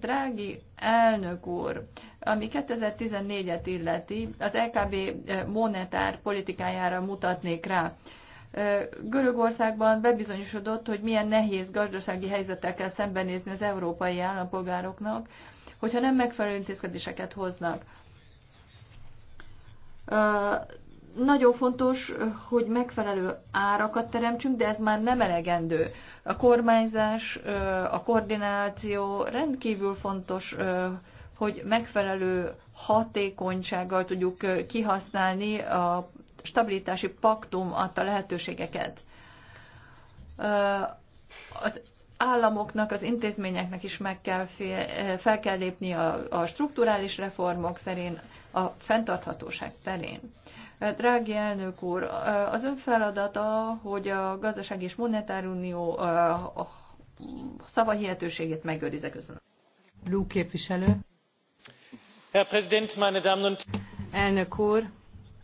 Drági elnök úr, ami 2014-et illeti, az LKB e monetár politikájára mutatnék rá. Görögországban bebizonyosodott, hogy milyen nehéz gazdasági helyzetekkel kell szembenézni az európai állampolgároknak, hogyha nem megfelelő intézkedéseket hoznak nagyon fontos, hogy megfelelő árakat teremtsünk, de ez már nem elegendő. A kormányzás, a koordináció rendkívül fontos, hogy megfelelő hatékonysággal tudjuk kihasználni a stabilitási paktum adta lehetőségeket. Az államoknak, az intézményeknek is meg kell fél, fel kell lépni a, a strukturális reformok szerint a fenntarthatóság terén. Drági elnök úr, az ön feladata, hogy a gazdaság és monetárunió szavahihetőségét megőrize. Köszönöm. Lú képviselő. Herr Präsident, meine Damen und Elnök úr,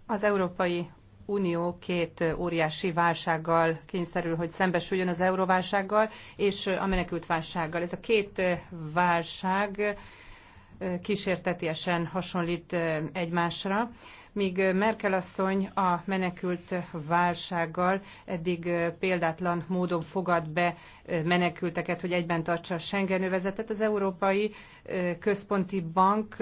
az Európai Unió két óriási válsággal kényszerül, hogy szembesüljön az euróválsággal és a menekült válsággal. Ez a két válság kísértetiesen hasonlít egymásra míg Merkel asszony a menekült válsággal eddig példátlan módon fogad be menekülteket, hogy egyben tartsa a Schengen övezetet, az Európai Központi Bank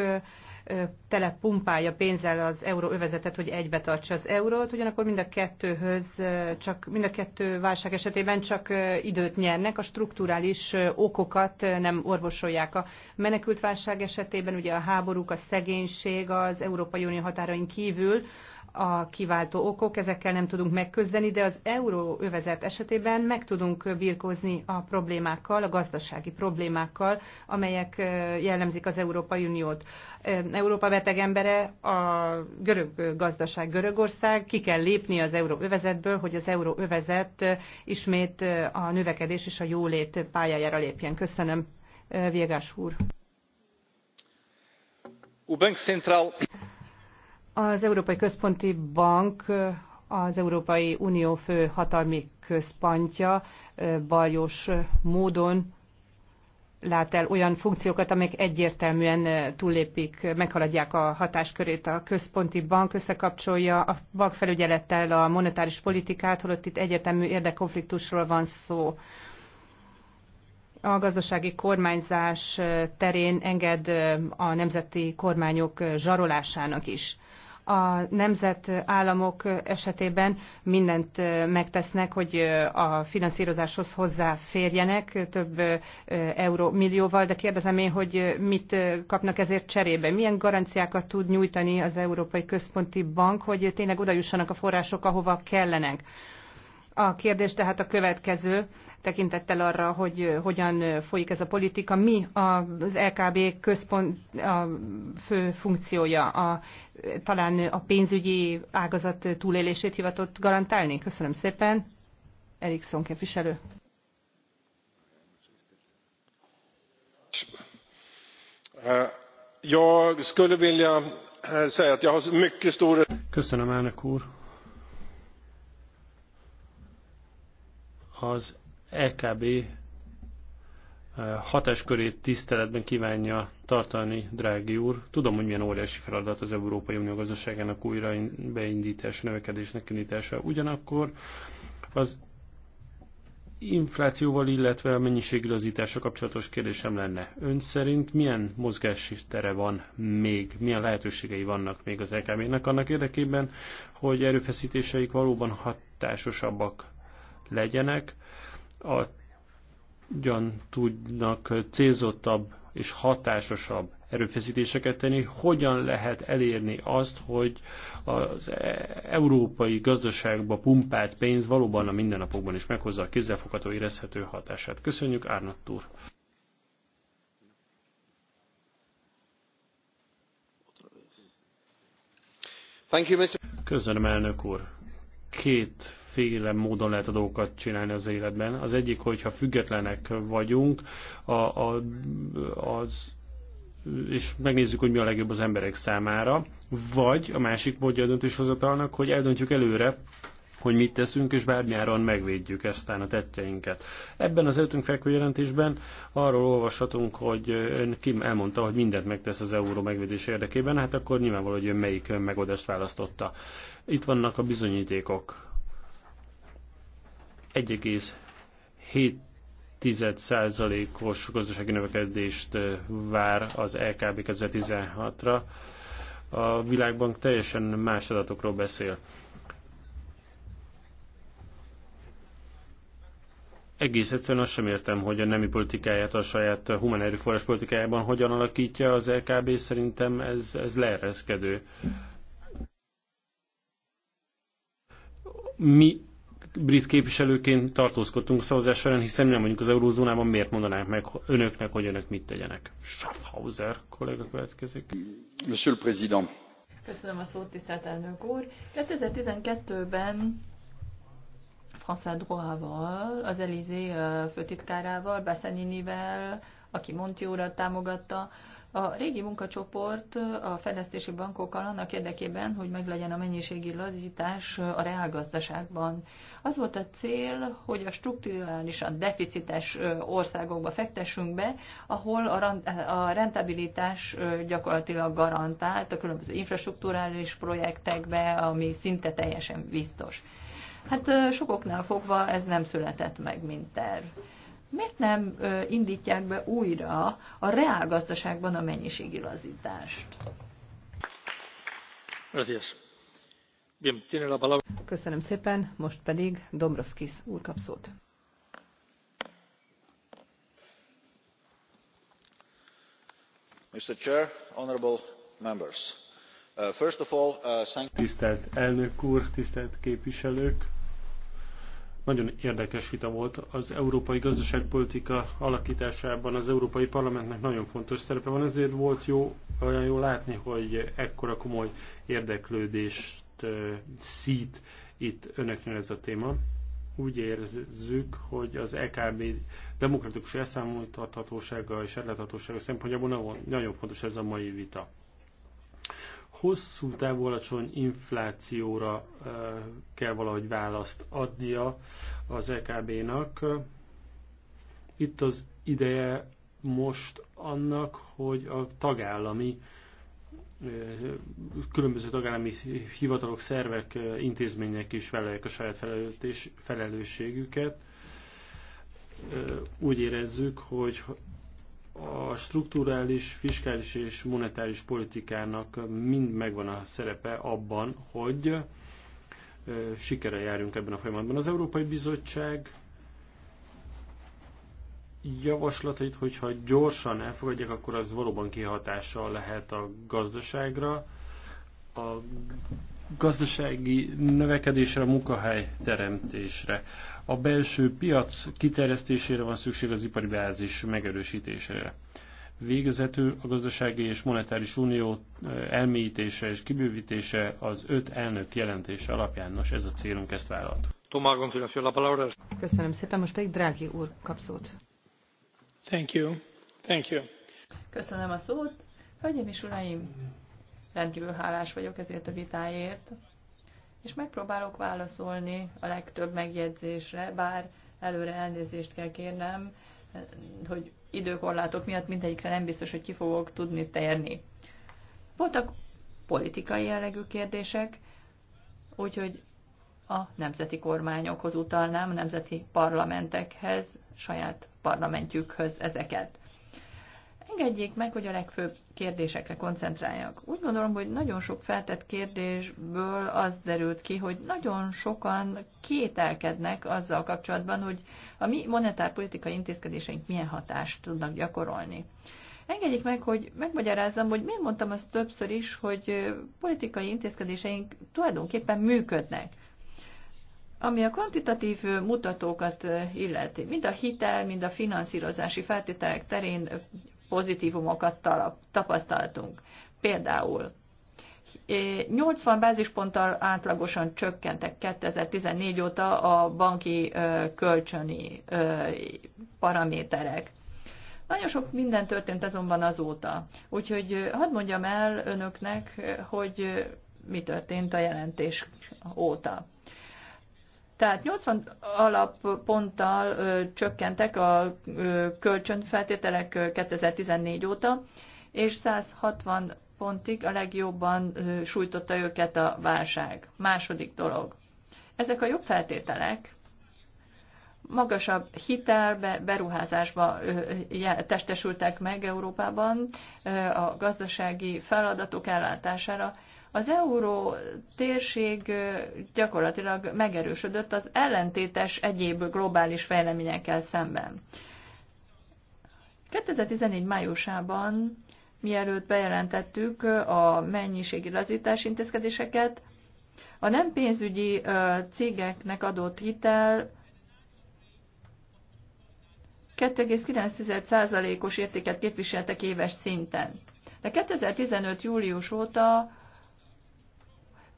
tele pumpálja pénzzel az euróövezetet, hogy egybe tartsa az eurót, ugyanakkor mind a kettőhöz, csak mind a kettő válság esetében csak időt nyernek, a strukturális okokat nem orvosolják. A menekült válság esetében ugye a háborúk, a szegénység az Európai Unió határain kívül, a kiváltó okok, ezekkel nem tudunk megközdeni, de az euróövezet esetében meg tudunk birkózni a problémákkal, a gazdasági problémákkal, amelyek jellemzik az Európai Uniót. Európa beteg embere, a görög gazdaság Görögország, ki kell lépni az euróövezetből, hogy az euróövezet ismét a növekedés és a jólét pályájára lépjen. Köszönöm, Viegás úr. Central az Európai Központi Bank az Európai Unió fő hatalmi központja bajos módon lát el olyan funkciókat, amelyek egyértelműen túllépik, meghaladják a hatáskörét. A központi bank összekapcsolja a bankfelügyelettel a monetáris politikát, holott itt egyértelmű érdekkonfliktusról van szó. A gazdasági kormányzás terén enged a nemzeti kormányok zsarolásának is a nemzetállamok esetében mindent megtesznek, hogy a finanszírozáshoz hozzáférjenek több eurómillióval, de kérdezem én, hogy mit kapnak ezért cserébe. Milyen garanciákat tud nyújtani az Európai Központi Bank, hogy tényleg odajussanak a források, ahova kellenek. A kérdés tehát a következő, tekintettel arra, hogy hogyan folyik ez a politika. Mi az LKB központ a fő funkciója, a, talán a pénzügyi ágazat túlélését hivatott garantálni? Köszönöm szépen. Erikson képviselő. Jag skulle vilja eh, säga att jag har mycket stor... Köszönöm, elnök úr. az EKB eh, hatáskörét tiszteletben kívánja tartani, drági úr. Tudom, hogy milyen óriási feladat az Európai Unió gazdaságának újra beindítása, növekedésnek indítása. Ugyanakkor az inflációval, illetve a mennyiségigazítása kapcsolatos kérdésem lenne. Ön szerint milyen mozgási tere van még, milyen lehetőségei vannak még az ekb nek annak érdekében, hogy erőfeszítéseik valóban hatásosabbak legyenek, a hogyan tudnak célzottabb és hatásosabb erőfeszítéseket tenni, hogyan lehet elérni azt, hogy az európai gazdaságba pumpált pénz valóban a mindennapokban is meghozza a kézzelfogható érezhető hatását. Köszönjük, Árnott úr! Köszönöm, elnök úr! Két féle módon lehet a dolgokat csinálni az életben. Az egyik, hogyha függetlenek vagyunk, a, a, az és megnézzük, hogy mi a legjobb az emberek számára, vagy a másik módja a döntéshozatalnak, hogy eldöntjük előre, hogy mit teszünk, és bármilyen megvédjük eztán a tetteinket. Ebben az előttünk fekvő jelentésben arról olvashatunk, hogy ön Kim elmondta, hogy mindent megtesz az euró megvédés érdekében, hát akkor nyilvánvaló, hogy ön melyik megoldást választotta. Itt vannak a bizonyítékok. 1,7%-os gazdasági növekedést vár az LKB 2016-ra. A világbank teljesen más adatokról beszél. egész egyszerűen azt sem értem, hogy a nemi politikáját a saját human erőforrás politikájában hogyan alakítja az LKB, szerintem ez, ez leereszkedő. Mi brit képviselőként tartózkodtunk szavazás során, hiszen nem vagyunk az eurózónában, miért mondanánk meg önöknek, hogy önök mit tegyenek? Schaffhauser kollega következik. Monsieur le Président. Köszönöm a szót, tisztelt elnök úr. 2012-ben François Droit-val, az Elizé főtitkárával, Bassaninivel, aki Montiórat támogatta, a régi munkacsoport a fejlesztési bankokkal annak érdekében, hogy meglegyen a mennyiségi lazítás a reálgazdaságban. Az volt a cél, hogy a strukturálisan deficites országokba fektessünk be, ahol a rentabilitás gyakorlatilag garantált a különböző infrastruktúrális projektekbe, ami szinte teljesen biztos. Hát sokoknál fogva ez nem született meg, mint terv miért nem indítják be újra a reálgazdaságban a mennyiségilazítást? Köszönöm szépen, most pedig Dombrovskis úr kap szót. Mr. Chair, honorable members. Uh, first of all, uh, thank tisztelt elnök úr, tisztelt képviselők! Nagyon érdekes vita volt. Az európai gazdaságpolitika alakításában az Európai Parlamentnek nagyon fontos szerepe van, ezért volt jó, olyan jó látni, hogy ekkora komoly érdeklődést szít itt önöknél ez a téma. Úgy érzük, hogy az EKB demokratikus elszámoltathatósága és elláthatósága szempontjából nagyon fontos ez a mai vita hosszú távú alacsony inflációra kell valahogy választ adnia az EKB-nak. Itt az ideje most annak, hogy a tagállami különböző tagállami hivatalok, szervek, intézmények is vállalják a saját felelősségüket. Úgy érezzük, hogy a strukturális, fiskális és monetáris politikának mind megvan a szerepe abban, hogy sikere járjunk ebben a folyamatban. Az Európai Bizottság javaslatait, hogyha gyorsan elfogadják, akkor az valóban kihatással lehet a gazdaságra. A gazdasági növekedésre, a munkahely teremtésre. A belső piac kiterjesztésére van szükség az ipari bázis megerősítésére. Végezető a gazdasági és monetáris unió elmélyítése és kibővítése az öt elnök jelentése alapján. Nos, ez a célunk, ezt vállalt. Köszönöm szépen, most pedig Drági úr kap szót. Thank you. Thank you. Köszönöm a szót. Hölgyeim és uraim, rendkívül hálás vagyok ezért a vitáért, és megpróbálok válaszolni a legtöbb megjegyzésre, bár előre elnézést kell kérnem, hogy időkorlátok miatt mindegyikre nem biztos, hogy ki fogok tudni térni. Voltak politikai jellegű kérdések, úgyhogy a nemzeti kormányokhoz utalnám, a nemzeti parlamentekhez, saját parlamentjükhöz ezeket engedjék meg, hogy a legfőbb kérdésekre koncentráljak. Úgy gondolom, hogy nagyon sok feltett kérdésből az derült ki, hogy nagyon sokan kételkednek azzal kapcsolatban, hogy a mi monetárpolitikai intézkedéseink milyen hatást tudnak gyakorolni. Engedjék meg, hogy megmagyarázzam, hogy miért mondtam azt többször is, hogy politikai intézkedéseink tulajdonképpen működnek. Ami a kvantitatív mutatókat illeti, mind a hitel, mind a finanszírozási feltételek terén pozitívumokat tapasztaltunk. Például 80 bázisponttal átlagosan csökkentek 2014 óta a banki kölcsöni paraméterek. Nagyon sok minden történt azonban azóta. Úgyhogy hadd mondjam el önöknek, hogy mi történt a jelentés óta. Tehát 80 alapponttal csökkentek a kölcsönfeltételek 2014 óta, és 160 pontig a legjobban sújtotta őket a válság. Második dolog. Ezek a jobb feltételek magasabb hitelbe, beruházásba testesültek meg Európában a gazdasági feladatok ellátására, az euró térség gyakorlatilag megerősödött az ellentétes egyéb globális fejleményekkel szemben. 2014 májusában, mielőtt bejelentettük a mennyiségi lazítás intézkedéseket, a nem pénzügyi cégeknek adott hitel 2,9%-os értéket képviseltek éves szinten. De 2015. július óta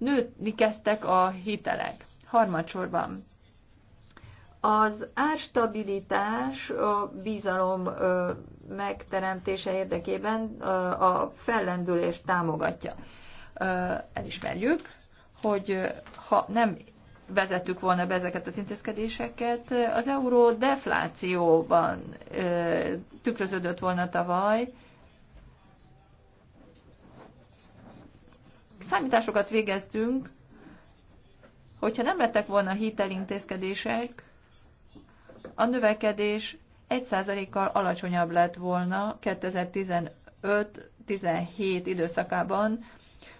nőni kezdtek a hitelek. Harmadsorban az árstabilitás a bizalom megteremtése érdekében a fellendülést támogatja. Elismerjük, hogy ha nem vezettük volna be ezeket az intézkedéseket, az euró deflációban tükröződött volna tavaly, számításokat végeztünk, hogyha nem lettek volna hitelintézkedések, a növekedés 1%-kal alacsonyabb lett volna 2015-17 időszakában,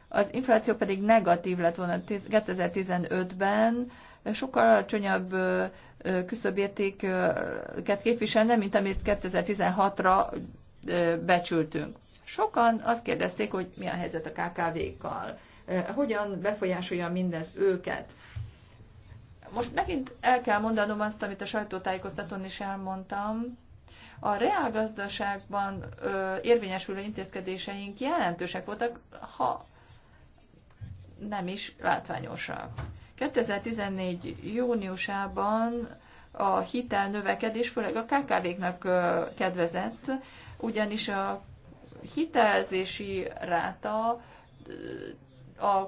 az infláció pedig negatív lett volna 2015-ben, sokkal alacsonyabb küszöbértéket képviselne, mint amit 2016-ra becsültünk. Sokan azt kérdezték, hogy mi a helyzet a KKV-kkal, hogyan befolyásolja mindez őket. Most megint el kell mondanom azt, amit a sajtótájékoztatón is elmondtam, a reálgazdaságban érvényesülő intézkedéseink jelentősek voltak, ha nem is látványosak. 2014. júniusában a hitel növekedés főleg a KKV-knak kedvezett, ugyanis a hitelzési ráta a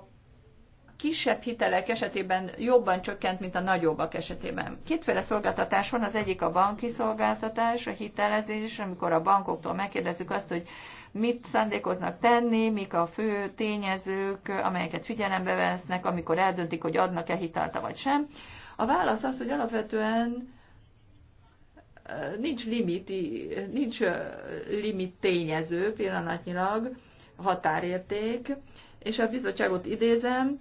kisebb hitelek esetében jobban csökkent, mint a nagyobbak esetében. Kétféle szolgáltatás van, az egyik a banki szolgáltatás, a hitelezés, amikor a bankoktól megkérdezzük azt, hogy mit szándékoznak tenni, mik a fő tényezők, amelyeket figyelembe vesznek, amikor eldöntik, hogy adnak-e hitelt vagy sem. A válasz az, hogy alapvetően nincs, limiti, nincs limit tényező pillanatnyilag, határérték, és a bizottságot idézem,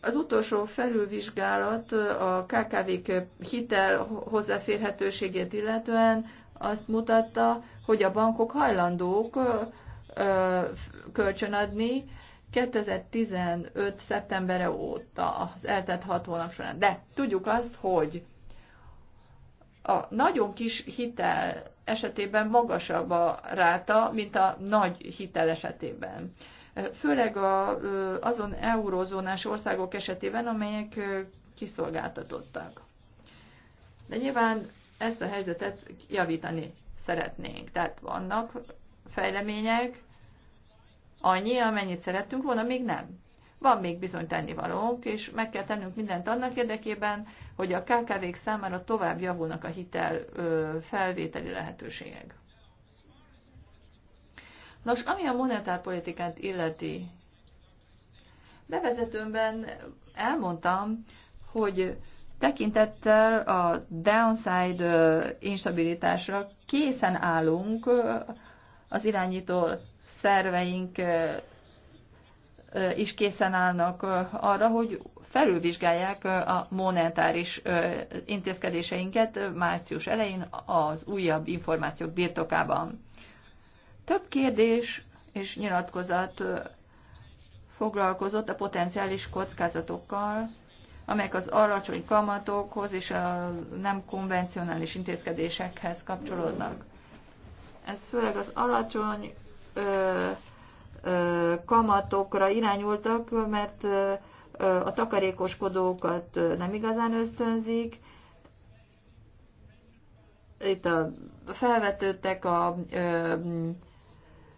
az utolsó felülvizsgálat a KKV-k hitel hozzáférhetőségét illetően azt mutatta, hogy a bankok hajlandók kölcsönadni 2015. szeptembere óta, az eltelt hat hónap során. De tudjuk azt, hogy a nagyon kis hitel esetében magasabb a ráta, mint a nagy hitel esetében. Főleg a, azon eurozónás országok esetében, amelyek kiszolgáltatottak. De nyilván ezt a helyzetet javítani szeretnénk. Tehát vannak fejlemények, annyi, amennyit szerettünk volna, még nem. Van még bizony tennivalónk, és meg kell tennünk mindent annak érdekében, hogy a KKV-k számára tovább javulnak a hitel felvételi lehetőségek. Nos, ami a monetárpolitikát illeti, bevezetőmben elmondtam, hogy tekintettel a downside instabilitásra készen állunk az irányító szerveink is készen állnak arra, hogy felülvizsgálják a monetáris intézkedéseinket március elején az újabb információk birtokában. Több kérdés és nyilatkozat foglalkozott a potenciális kockázatokkal, amelyek az alacsony kamatokhoz és a nem konvencionális intézkedésekhez kapcsolódnak. Ez főleg az alacsony ö, ö, kamatokra irányultak, mert ö, a takarékoskodókat nem igazán ösztönzik. Itt a felvetődtek a ö,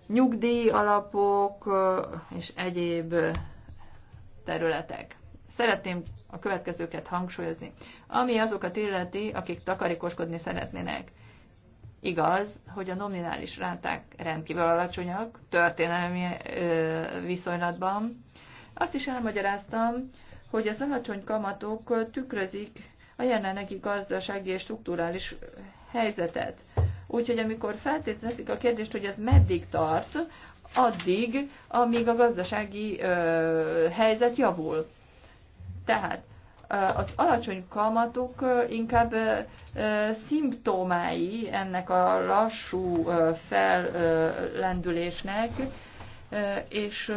nyugdíj alapok és egyéb területek. Szeretném a következőket hangsúlyozni. Ami azokat illeti, akik takarékoskodni szeretnének. Igaz, hogy a nominális ráták rendkívül alacsonyak történelmi viszonylatban, azt is elmagyaráztam, hogy az alacsony kamatok tükrözik a jelenlegi gazdasági és strukturális helyzetet. Úgyhogy amikor feltételezik a kérdést, hogy ez meddig tart, addig, amíg a gazdasági ö, helyzet javul. Tehát az alacsony kamatok inkább szimptomái ennek a lassú fellendülésnek, és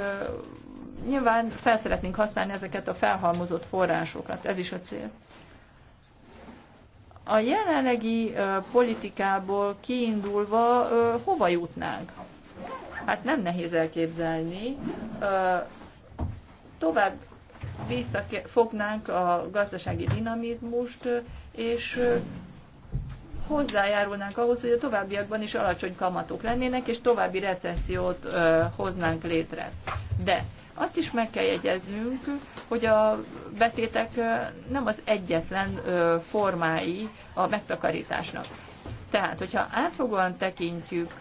nyilván fel szeretnénk használni ezeket a felhalmozott forrásokat, ez is a cél. A jelenlegi ö, politikából kiindulva ö, hova jutnánk? Hát nem nehéz elképzelni. Ö, tovább visszafognánk a gazdasági dinamizmust, és hozzájárulnánk ahhoz, hogy a továbbiakban is alacsony kamatok lennének, és további recessziót ö, hoznánk létre. De azt is meg kell jegyeznünk, hogy a betétek nem az egyetlen formái a megtakarításnak. Tehát, hogyha átfogóan tekintjük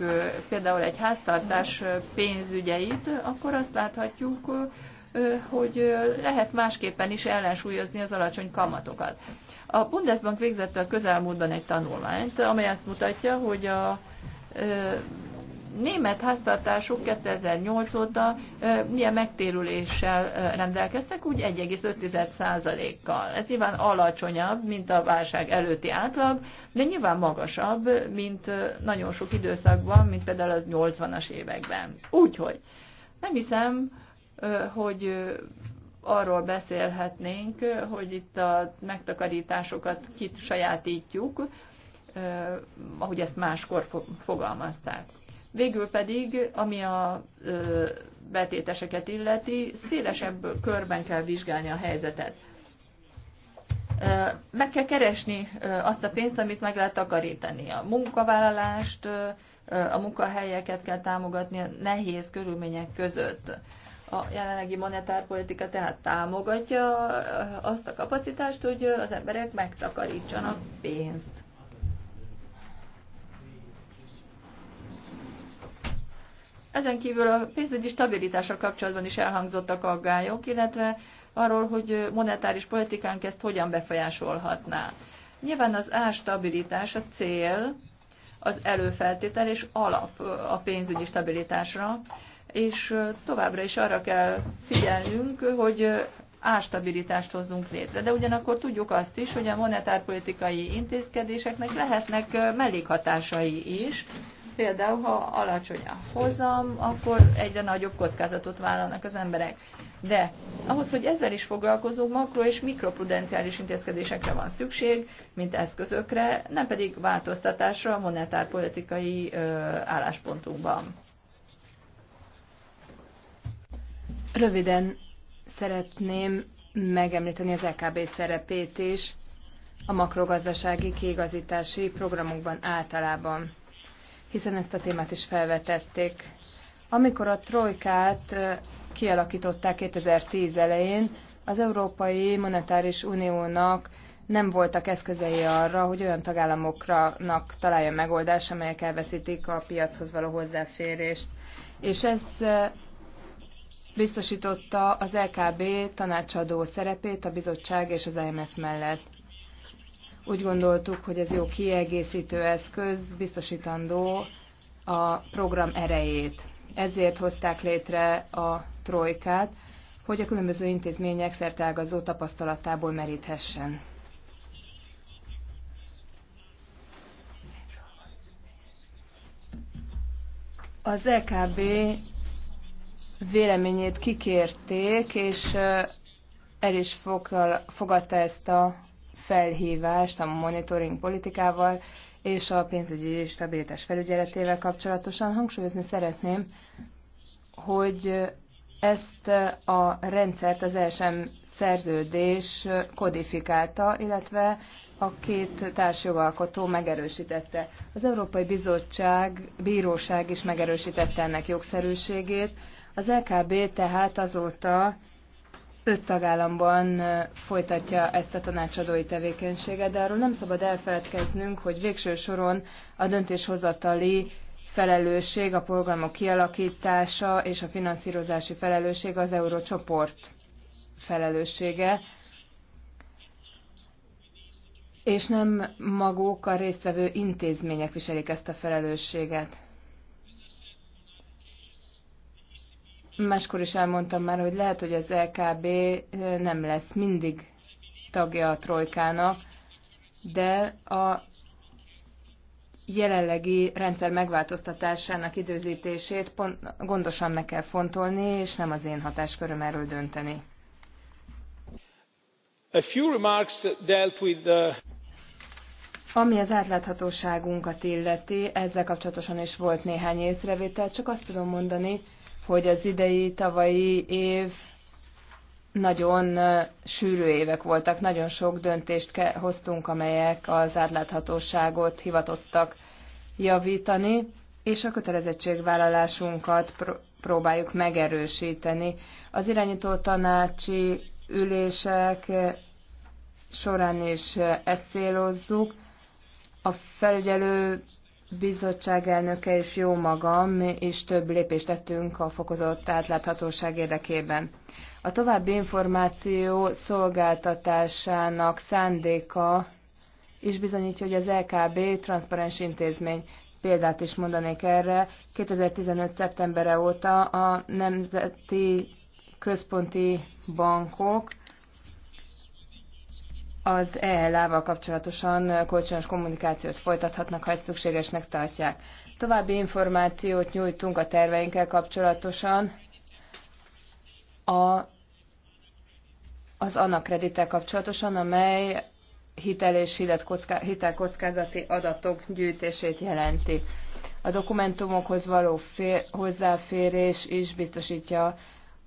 például egy háztartás pénzügyeit, akkor azt láthatjuk, hogy lehet másképpen is ellensúlyozni az alacsony kamatokat. A Bundesbank végzett a közelmúltban egy tanulmányt, amely azt mutatja, hogy a német háztartások 2008 óta milyen megtérüléssel rendelkeztek, úgy 1,5%-kal. Ez nyilván alacsonyabb, mint a válság előtti átlag, de nyilván magasabb, mint nagyon sok időszakban, mint például az 80-as években. Úgyhogy nem hiszem, hogy arról beszélhetnénk, hogy itt a megtakarításokat kit sajátítjuk, ahogy ezt máskor fogalmazták. Végül pedig, ami a betéteseket illeti, szélesebb körben kell vizsgálni a helyzetet. Meg kell keresni azt a pénzt, amit meg lehet takarítani. A munkavállalást, a munkahelyeket kell támogatni a nehéz körülmények között. A jelenlegi monetárpolitika tehát támogatja azt a kapacitást, hogy az emberek megtakarítsanak pénzt Ezen kívül a pénzügyi stabilitással kapcsolatban is elhangzottak aggályok, illetve arról, hogy monetáris politikánk ezt hogyan befolyásolhatná. Nyilván az árstabilitás a cél, az előfeltétel és alap a pénzügyi stabilitásra, és továbbra is arra kell figyelnünk, hogy árstabilitást hozzunk létre. De ugyanakkor tudjuk azt is, hogy a monetárpolitikai intézkedéseknek lehetnek mellékhatásai is, Például, ha alacsony a hozam, akkor egyre nagyobb kockázatot vállalnak az emberek. De ahhoz, hogy ezzel is foglalkozunk, makro- és mikroprudenciális intézkedésekre van szükség, mint eszközökre, nem pedig változtatásra a monetárpolitikai álláspontunkban. Röviden szeretném megemlíteni az LKB e szerepét is a makrogazdasági kiigazítási programokban általában hiszen ezt a témát is felvetették. Amikor a trojkát kialakították 2010 elején, az Európai Monetáris Uniónak nem voltak eszközei arra, hogy olyan tagállamoknak találja megoldás, amelyek elveszítik a piachoz való hozzáférést. És ez biztosította az LKB tanácsadó szerepét a bizottság és az IMF mellett. Úgy gondoltuk, hogy ez jó kiegészítő eszköz, biztosítandó a program erejét. Ezért hozták létre a trojkát, hogy a különböző intézmények szertágazó tapasztalatából meríthessen. Az EKB véleményét kikérték, és el is fogadta ezt a felhívást a monitoring politikával és a pénzügyi stabilitás felügyeletével kapcsolatosan. Hangsúlyozni szeretném, hogy ezt a rendszert az ESM szerződés kodifikálta, illetve a két társjogalkotó megerősítette. Az Európai Bizottság, Bíróság is megerősítette ennek jogszerűségét. Az LKB e tehát azóta öt tagállamban folytatja ezt a tanácsadói tevékenységet, de arról nem szabad elfeledkeznünk, hogy végső soron a döntéshozatali felelősség, a programok kialakítása és a finanszírozási felelősség az eurócsoport felelőssége, és nem maguk a résztvevő intézmények viselik ezt a felelősséget. Máskor is elmondtam már, hogy lehet, hogy az LKB nem lesz mindig tagja a trojkának, de a jelenlegi rendszer megváltoztatásának időzítését pont, gondosan meg kell fontolni, és nem az én hatásköröm erről dönteni. A few remarks dealt with the... Ami az átláthatóságunkat illeti, ezzel kapcsolatosan is volt néhány észrevétel, csak azt tudom mondani, hogy az idei, tavalyi év nagyon sűrű évek voltak, nagyon sok döntést hoztunk, amelyek az átláthatóságot hivatottak javítani, és a kötelezettségvállalásunkat pr- próbáljuk megerősíteni. Az irányító tanácsi ülések során is ezt célozzuk. A felügyelő bizottság elnöke és jó magam is több lépést tettünk a fokozott átláthatóság érdekében. A további információ szolgáltatásának szándéka is bizonyítja, hogy az LKB transzparens intézmény. Példát is mondanék erre. 2015. szeptembere óta a nemzeti központi bankok az el ával kapcsolatosan kölcsönös kommunikációt folytathatnak, ha ezt szükségesnek tartják. További információt nyújtunk a terveinkkel kapcsolatosan a, az kreditel kapcsolatosan, amely hitel és hitelkockázati adatok gyűjtését jelenti. A dokumentumokhoz való fér, hozzáférés is biztosítja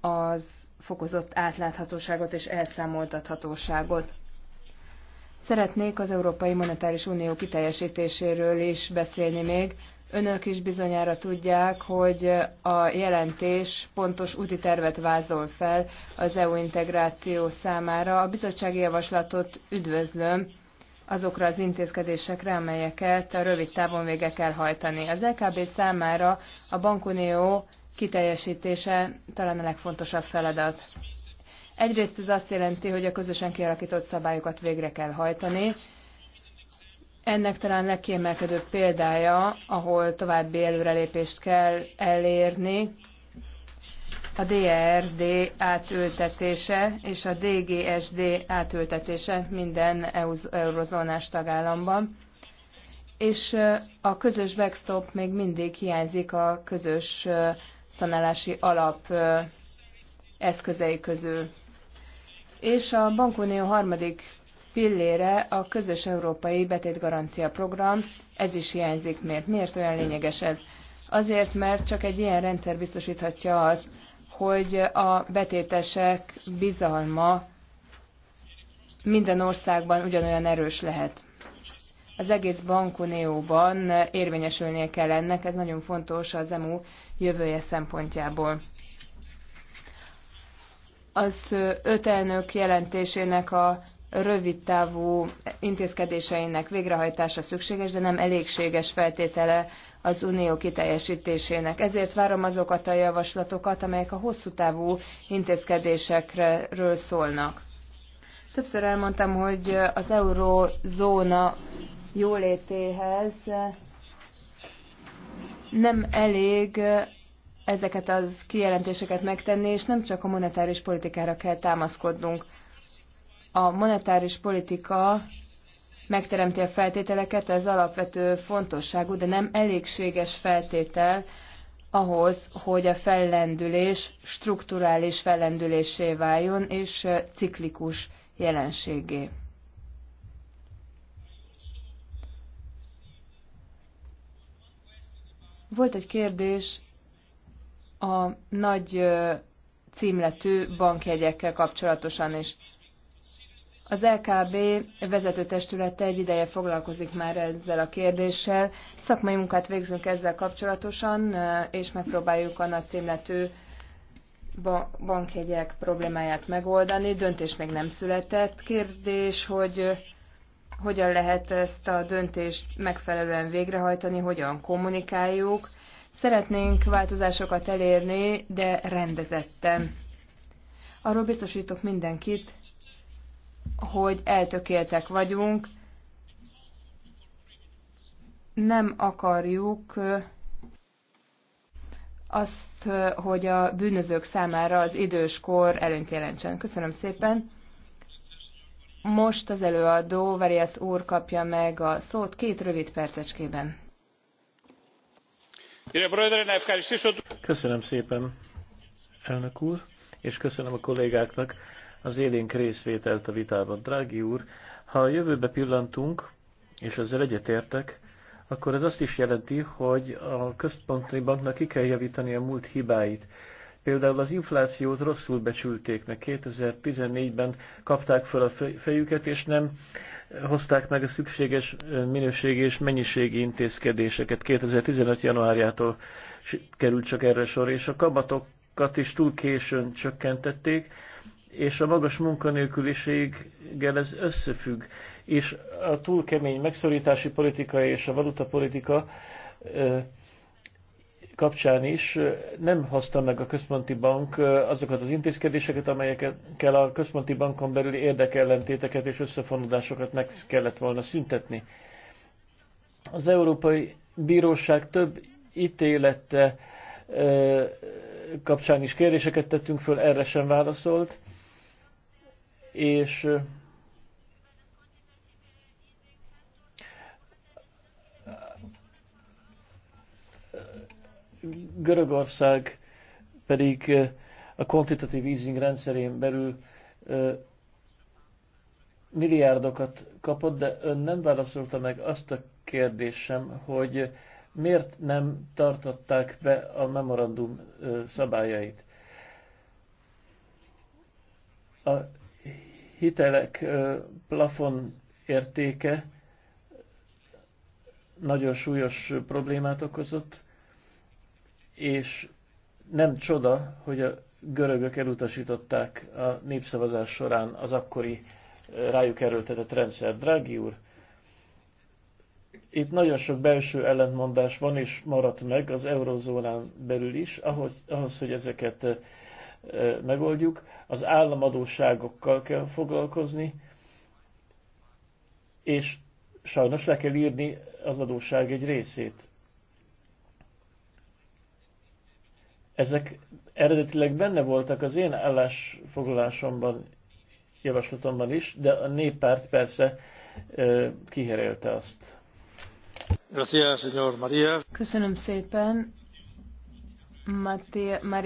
az fokozott átláthatóságot és elszámoltathatóságot. Szeretnék az Európai Monetáris Unió kiteljesítéséről is beszélni még. Önök is bizonyára tudják, hogy a jelentés pontos úti tervet vázol fel az EU integráció számára. A bizottsági javaslatot üdvözlöm azokra az intézkedésekre, amelyeket a rövid távon vége kell hajtani. Az LKB e számára a bankunió kiteljesítése talán a legfontosabb feladat. Egyrészt ez azt jelenti, hogy a közösen kialakított szabályokat végre kell hajtani. Ennek talán legkiemelkedőbb példája, ahol további előrelépést kell elérni, a DRD e átültetése és a DGSD átültetése minden eurozónás tagállamban, és a közös backstop még mindig hiányzik a közös szanálási alap eszközei közül és a Bankunió harmadik pillére a közös európai betétgarancia program, ez is hiányzik. Miért? Miért olyan lényeges ez? Azért, mert csak egy ilyen rendszer biztosíthatja azt, hogy a betétesek bizalma minden országban ugyanolyan erős lehet. Az egész bankunióban érvényesülnie kell ennek, ez nagyon fontos az EMU jövője szempontjából az öt elnök jelentésének a rövidtávú intézkedéseinek végrehajtása szükséges, de nem elégséges feltétele az unió kiteljesítésének. Ezért várom azokat a javaslatokat, amelyek a hosszú távú intézkedésekről szólnak. Többször elmondtam, hogy az eurózóna jólétéhez nem elég ezeket az kijelentéseket megtenni, és nem csak a monetáris politikára kell támaszkodnunk. A monetáris politika megteremti a feltételeket, ez alapvető fontosságú, de nem elégséges feltétel ahhoz, hogy a fellendülés strukturális fellendülésé váljon, és ciklikus jelenségé. Volt egy kérdés a nagy címletű bankjegyekkel kapcsolatosan is. Az LKB vezetőtestülete egy ideje foglalkozik már ezzel a kérdéssel. Szakmai munkát végzünk ezzel kapcsolatosan, és megpróbáljuk a nagy címletű bankjegyek problémáját megoldani. Döntés még nem született. Kérdés, hogy hogyan lehet ezt a döntést megfelelően végrehajtani, hogyan kommunikáljuk, Szeretnénk változásokat elérni, de rendezetten. Arról biztosítok mindenkit, hogy eltökéltek vagyunk, nem akarjuk eh, azt, eh, hogy a bűnözők számára az időskor előnyt jelentsen. Köszönöm szépen. Most az előadó Veriasz úr kapja meg a szót két rövid percecskében. Köszönöm szépen, elnök úr, és köszönöm a kollégáknak az élénk részvételt a vitában. Drági úr, ha a jövőbe pillantunk, és ezzel egyetértek, akkor ez azt is jelenti, hogy a központi banknak ki kell javítani a múlt hibáit. Például az inflációt rosszul becsülték meg. 2014-ben kapták fel a fejüket, és nem hozták meg a szükséges minőségi és mennyiségi intézkedéseket. 2015. januárjától került csak erre sor, és a kabatokat is túl későn csökkentették, és a magas munkanélküliséggel ez összefügg, és a túl kemény megszorítási politika és a valutapolitika politika kapcsán is nem hozta meg a központi bank azokat az intézkedéseket, amelyekkel a központi bankon belüli érdekellentéteket és összefonódásokat meg kellett volna szüntetni. Az Európai Bíróság több ítélete kapcsán is kérdéseket tettünk föl, erre sem válaszolt, és Görögország pedig a kvantitatív easing rendszerén belül milliárdokat kapott, de ön nem válaszolta meg azt a kérdésem, hogy miért nem tartották be a memorandum szabályait. A hitelek plafon értéke nagyon súlyos problémát okozott, és nem csoda, hogy a görögök elutasították a népszavazás során az akkori rájuk erőltetett rendszer. Drági úr, itt nagyon sok belső ellentmondás van és maradt meg az eurozónán belül is, ahogy, ahhoz, hogy ezeket megoldjuk. Az államadóságokkal kell foglalkozni, és sajnos le kell írni az adóság egy részét. Ezek eredetileg benne voltak az én állásfoglalásomban, javaslatomban is, de a néppárt persze kiherélte azt. Köszönöm szépen. Maria